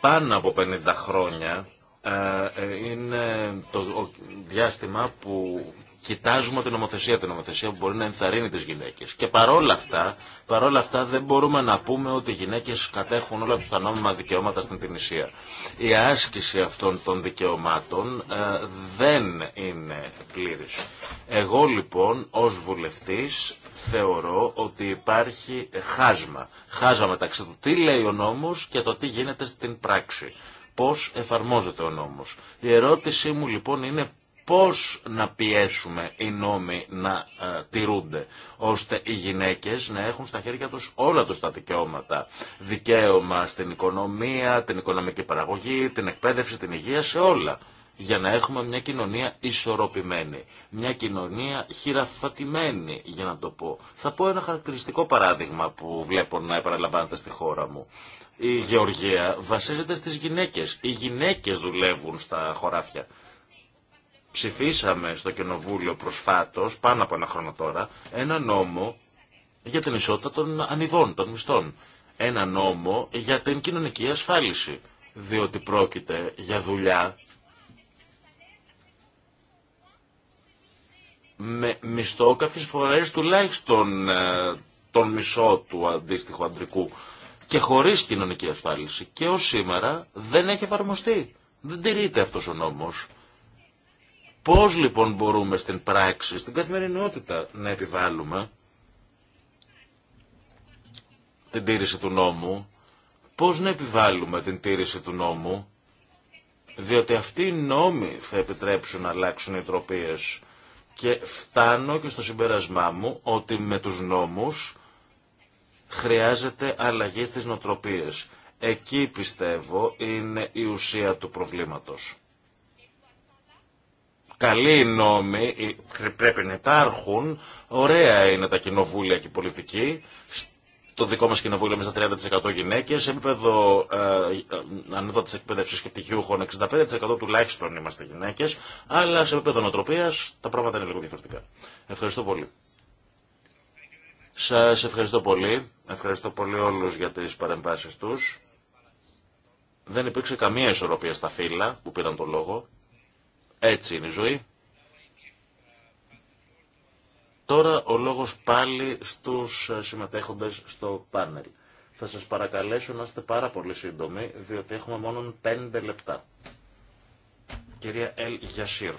Πάνω από 50 χρόνια ε, ε, είναι το διάστημα που κοιτάζουμε την νομοθεσία, την νομοθεσία που μπορεί να ενθαρρύνει τις γυναίκες. Και παρόλα αυτά, παρόλα αυτά δεν μπορούμε να πούμε ότι οι γυναίκες κατέχουν όλα τους τα νόμιμα δικαιώματα στην Τινησία. Η άσκηση αυτών των δικαιωμάτων ε, δεν είναι πλήρης. Εγώ λοιπόν ως βουλευτής θεωρώ ότι υπάρχει χάσμα. Χάσμα μεταξύ του τι λέει ο νόμος και το τι γίνεται στην πράξη. Πώς εφαρμόζεται ο νόμος. Η ερώτησή μου λοιπόν είναι πώς να πιέσουμε οι νόμοι να ε, τηρούνται, ώστε οι γυναίκες να έχουν στα χέρια τους όλα τους τα δικαιώματα. Δικαίωμα στην οικονομία, την οικονομική παραγωγή, την εκπαίδευση, την υγεία, σε όλα για να έχουμε μια κοινωνία ισορροπημένη, μια κοινωνία χειραφατημένη, για να το πω. Θα πω ένα χαρακτηριστικό παράδειγμα που βλέπω να επαναλαμβάνεται στη χώρα μου. Η γεωργία βασίζεται στις γυναίκες. Οι γυναίκες δουλεύουν στα χωράφια. Ψηφίσαμε στο Κοινοβούλιο προσφάτως, πάνω από ένα χρόνο τώρα, ένα νόμο για την ισότητα των ανιδών, των μισθών. Ένα νόμο για την κοινωνική ασφάλιση. Διότι πρόκειται για δουλειά με μισθό κάποιες φορές τουλάχιστον ε, τον μισό του αντίστοιχου αντρικού και χωρίς κοινωνική ασφάλιση. Και ως σήμερα δεν έχει εφαρμοστεί. Δεν τηρείται αυτός ο νόμος. Πώς λοιπόν μπορούμε στην πράξη, στην καθημερινότητα να επιβάλλουμε την τήρηση του νόμου, πώς να επιβάλλουμε την τήρηση του νόμου, διότι αυτοί οι νόμοι θα επιτρέψουν να αλλάξουν οι τροπίες και φτάνω και στο συμπέρασμά μου ότι με τους νόμους χρειάζεται αλλαγή στις νοτροπίες. Εκεί πιστεύω είναι η ουσία του προβλήματος. Καλοί οι νόμοι πρέπει να υπάρχουν, ωραία είναι τα κοινοβούλια και η πολιτική το δικό μα κοινοβούλιο με 30% γυναίκε, σε επίπεδο ε, ε ανώτατη εκπαίδευση και πτυχιούχων 65% τουλάχιστον είμαστε γυναίκε, αλλά σε επίπεδο νοοτροπία τα πράγματα είναι λίγο διαφορετικά. Ευχαριστώ πολύ. Σα ευχαριστώ πολύ. Ευχαριστώ πολύ όλου για τι παρεμβάσει του. Δεν υπήρξε καμία ισορροπία στα φύλλα που πήραν το λόγο. Έτσι είναι η ζωή. Τώρα ο λόγος πάλι στους συμμετέχοντες στο πάνελ. Θα σας παρακαλέσω να είστε πάρα πολύ σύντομοι, διότι έχουμε μόνο 5 λεπτά. Κυρία Ελ Γιασίρ.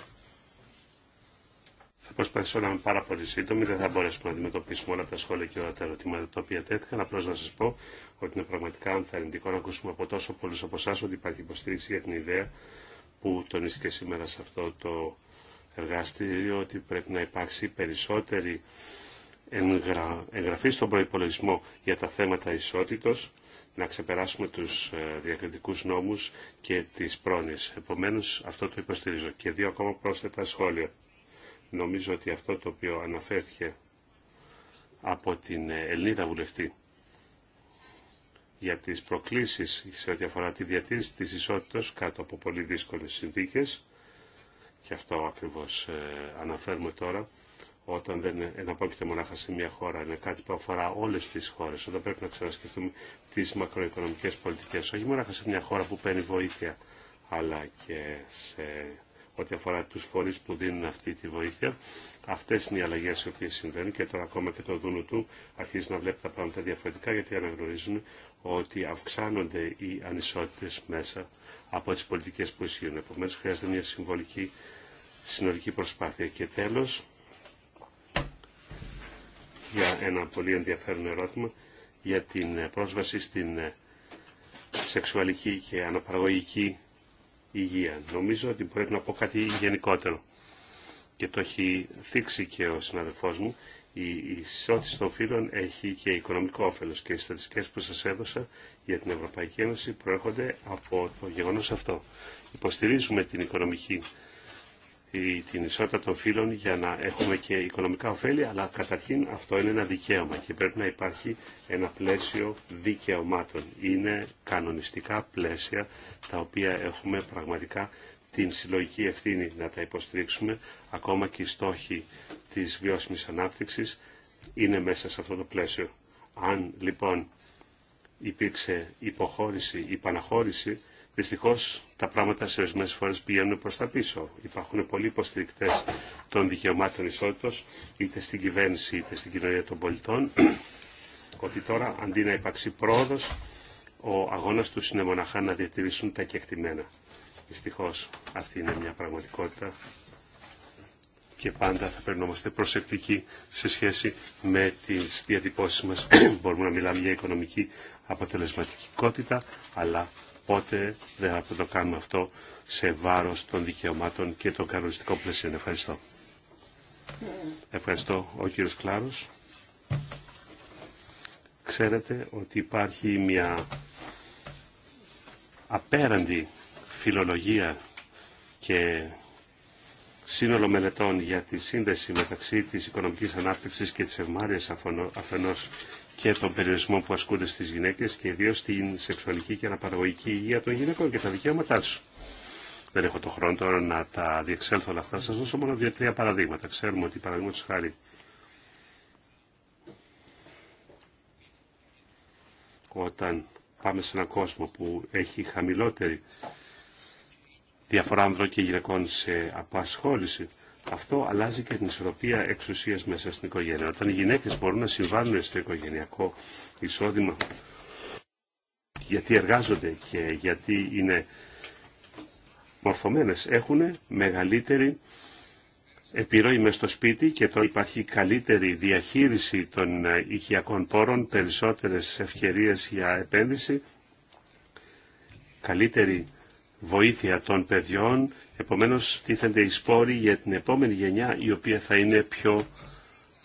Θα προσπαθήσω να είμαι πάρα πολύ σύντομη, δεν θα μπορέσουμε να αντιμετωπίσουμε όλα τα σχόλια και όλα τα ερωτήματα τα οποία τέθηκαν. Απλώ να σα πω ότι είναι πραγματικά ανθαρρυντικό να ακούσουμε από τόσο πολλού από εσά ότι υπάρχει υποστήριξη για την ιδέα που τονίστηκε σήμερα σε αυτό το εργαστήριο ότι πρέπει να υπάρξει περισσότερη εγγραφή στον προϋπολογισμό για τα θέματα ισότητος, να ξεπεράσουμε τους ε, διακριτικούς νόμους και τις πρόνοιες. Επομένως, αυτό το υποστηρίζω. Και δύο ακόμα πρόσθετα σχόλια. Νομίζω ότι αυτό το οποίο αναφέρθηκε από την ε, Ελληνίδα βουλευτή για τις προκλήσεις σε ό,τι αφορά τη διατήρηση της ισότητας κάτω από πολύ δύσκολες συνθήκες και αυτό ακριβώς ε, αναφέρουμε τώρα όταν δεν εναπόκειται μονάχα σε μια χώρα, είναι κάτι που αφορά όλε τι χώρε. Όταν πρέπει να ξανασκεφτούμε τι μακροοικονομικέ πολιτικέ, όχι μονάχα σε μια χώρα που παίρνει βοήθεια, αλλά και σε ό,τι αφορά του φορεί που δίνουν αυτή τη βοήθεια. Αυτέ είναι οι αλλαγέ οι οποίε συμβαίνουν και τώρα ακόμα και το Δούνου του αρχίζει να βλέπει τα πράγματα διαφορετικά γιατί αναγνωρίζουν ότι αυξάνονται οι ανισότητε μέσα από τις πολιτικές που ισχύουν. Επομένως χρειάζεται μια συμβολική συνολική προσπάθεια. Και τέλος, για ένα πολύ ενδιαφέρον ερώτημα, για την πρόσβαση στην ε, σεξουαλική και αναπαραγωγική υγεία. Νομίζω ότι πρέπει να πω κάτι γενικότερο και το έχει θίξει και ο συναδελφός μου η ισότητα των φύλων έχει και οικονομικό όφελος και οι στατιστικές που σας έδωσα για την Ευρωπαϊκή Ένωση προέρχονται από το γεγονός αυτό. Υποστηρίζουμε την οικονομική την ισότητα των φύλων για να έχουμε και οικονομικά ωφέλη, αλλά καταρχήν αυτό είναι ένα δικαίωμα και πρέπει να υπάρχει ένα πλαίσιο δικαιωμάτων. Είναι κανονιστικά πλαίσια τα οποία έχουμε πραγματικά την συλλογική ευθύνη να τα υποστηρίξουμε. Ακόμα και οι στόχοι της βιώσιμης ανάπτυξης είναι μέσα σε αυτό το πλαίσιο. Αν λοιπόν υπήρξε υποχώρηση ή παναχώρηση, δυστυχώ τα πράγματα σε ορισμένε φορές πηγαίνουν προς τα πίσω. Υπάρχουν πολλοί υποστηρικτέ των δικαιωμάτων ισότητος, είτε στην κυβέρνηση είτε στην κοινωνία των πολιτών, ότι τώρα αντί να υπάρξει πρόοδος, ο αγώνας του είναι μοναχά να διατηρήσουν τα κεκτημένα. Δυστυχώς αυτή είναι μια πραγματικότητα και πάντα θα πρέπει να προσεκτικοί σε σχέση με τις διατυπώσεις μας. Μπορούμε να μιλάμε για οικονομική αποτελεσματικότητα, αλλά πότε δεν θα το κάνουμε αυτό σε βάρος των δικαιωμάτων και των κανονιστικών πλαισίων. Ευχαριστώ. Ευχαριστώ ο κύριος Κλάρος. Ξέρετε ότι υπάρχει μια απέραντη φιλολογία και σύνολο μελετών για τη σύνδεση μεταξύ της οικονομικής ανάπτυξης και της ευμάρειας αφενός και των περιορισμών που ασκούνται στις γυναίκες και ιδίως στην σεξουαλική και αναπαραγωγική υγεία των γυναικών και τα δικαιώματά τους. Δεν έχω το χρόνο τώρα να τα διεξέλθω όλα αυτά. Σας δώσω μόνο δύο-τρία παραδείγματα. Ξέρουμε ότι παραδείγματο χάρη όταν πάμε σε έναν κόσμο που έχει χαμηλότερη διαφορά ανδρών και γυναικών σε απασχόληση, αυτό αλλάζει και την ισορροπία εξουσία μέσα στην οικογένεια. Όταν οι γυναίκες μπορούν να συμβάλλουν στο οικογενειακό εισόδημα, γιατί εργάζονται και γιατί είναι μορφωμένες, έχουν μεγαλύτερη επιρροή μέσα στο σπίτι και τώρα υπάρχει καλύτερη διαχείριση των οικιακών πόρων, περισσότερε ευκαιρίε για επένδυση, καλύτερη βοήθεια των παιδιών, επομένως τίθενται οι σπόροι για την επόμενη γενιά η οποία θα είναι πιο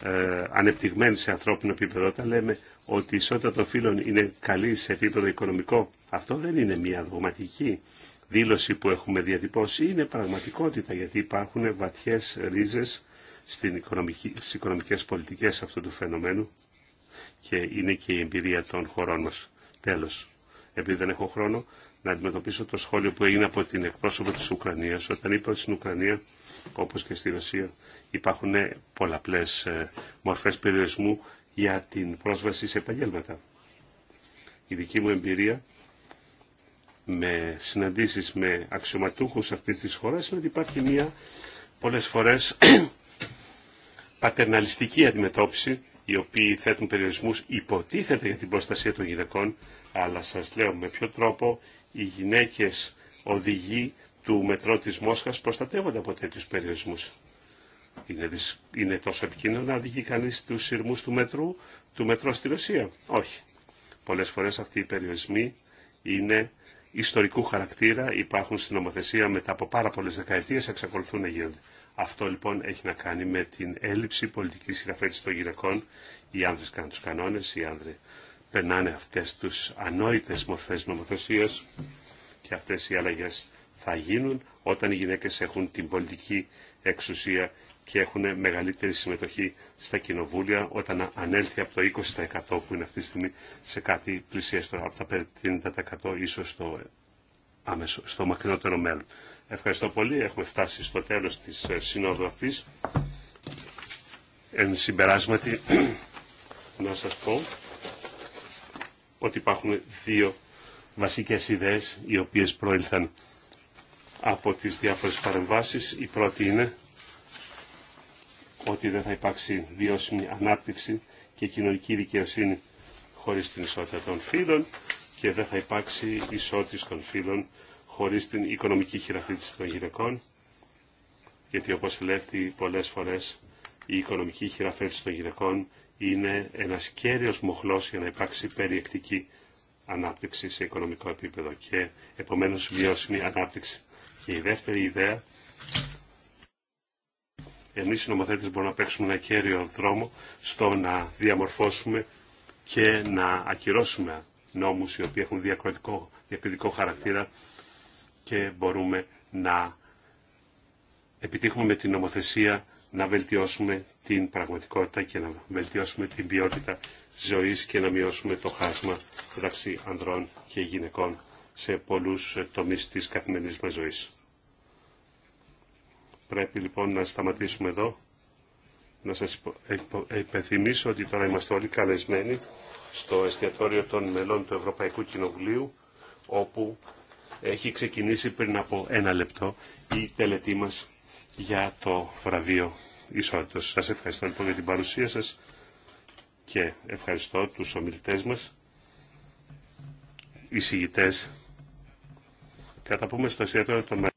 ε, ανεπτυγμένη σε ανθρώπινο επίπεδο. Όταν λέμε ότι η ισότητα των φύλων είναι καλή σε επίπεδο οικονομικό, αυτό δεν είναι μια δογματική δήλωση που έχουμε διατυπώσει, είναι πραγματικότητα γιατί υπάρχουν βαθιές ρίζες στην οικονομική, στις οικονομικές πολιτικές αυτού του φαινομένου και είναι και η εμπειρία των χωρών μας. Τέλος, επειδή δεν έχω χρόνο, να αντιμετωπίσω το σχόλιο που έγινε από την εκπρόσωπο της Ουκρανίας όταν είπα ότι στην Ουκρανία όπως και στη Ρωσία υπάρχουν πολλαπλές ε, μορφές περιορισμού για την πρόσβαση σε επαγγέλματα. Η δική μου εμπειρία με συναντήσεις με αξιωματούχους αυτής της χώρας είναι ότι υπάρχει μια πολλές φορές πατερναλιστική αντιμετώπιση οι οποίοι θέτουν περιορισμούς υποτίθεται για την προστασία των γυναικών αλλά σας λέω με ποιο τρόπο οι γυναίκες οδηγοί του μετρό της Μόσχας προστατεύονται από τέτοιους περιορισμούς. Είναι, είναι τόσο επικίνδυνο να οδηγεί κανείς τους σειρμούς του μετρού, του μετρό στη Ρωσία. Όχι. Πολλές φορές αυτοί οι περιορισμοί είναι ιστορικού χαρακτήρα, υπάρχουν στην νομοθεσία μετά από πάρα πολλές δεκαετίες, εξακολουθούν να γίνονται. Αυτό λοιπόν έχει να κάνει με την έλλειψη πολιτική συναφέτησης των γυναικών. Οι άνδρες κάνουν του κανόνε, οι άνδρες περνάνε αυτές τους ανόητες μορφές νομοθεσίας και αυτές οι αλλαγές θα γίνουν όταν οι γυναίκες έχουν την πολιτική εξουσία και έχουν μεγαλύτερη συμμετοχή στα κοινοβούλια όταν ανέλθει από το 20% που είναι αυτή τη στιγμή σε κάτι πλησιέστερο από τα 50% ίσως στο, στο μακρινότερο μέλλον. Ευχαριστώ πολύ. Έχουμε φτάσει στο τέλος της ε, συνόδου αυτής. Εν συμπεράσματι να σας πω ότι υπάρχουν δύο βασικές ιδέες οι οποίες προήλθαν από τις διάφορες παρεμβάσεις. Η πρώτη είναι ότι δεν θα υπάρξει βιώσιμη ανάπτυξη και κοινωνική δικαιοσύνη χωρίς την ισότητα των φύλων και δεν θα υπάρξει ισότητα των φύλων χωρίς την οικονομική χειραφήτηση των γυναικών γιατί όπως λέγεται πολλές φορές η οικονομική χειραφέτηση των γυναικών είναι ένας κέριος μοχλός για να υπάρξει περιεκτική ανάπτυξη σε οικονομικό επίπεδο και επομένως βιώσιμη ανάπτυξη. Και η δεύτερη ιδέα, εμείς οι νομοθέτες μπορούμε να παίξουμε ένα κέριο δρόμο στο να διαμορφώσουμε και να ακυρώσουμε νόμους οι οποίοι έχουν διακριτικό, διακριτικό χαρακτήρα και μπορούμε να επιτύχουμε με την νομοθεσία να βελτιώσουμε την πραγματικότητα και να βελτιώσουμε την ποιότητα ζωής και να μειώσουμε το χάσμα μεταξύ ανδρών και γυναικών σε πολλούς τομείς της καθημερινής μας ζωής. Πρέπει λοιπόν να σταματήσουμε εδώ. Να σας υπενθυμίσω ότι τώρα είμαστε όλοι καλεσμένοι στο εστιατόριο των μελών του Ευρωπαϊκού Κοινοβουλίου, όπου έχει ξεκινήσει πριν από ένα λεπτό η τελετή μας για το βραβείο ίσως Σας ευχαριστώ λοιπόν για την παρουσία σας και ευχαριστώ τους ομιλητές μας, εισηγητές. Θα τα πούμε στο σχέδιο των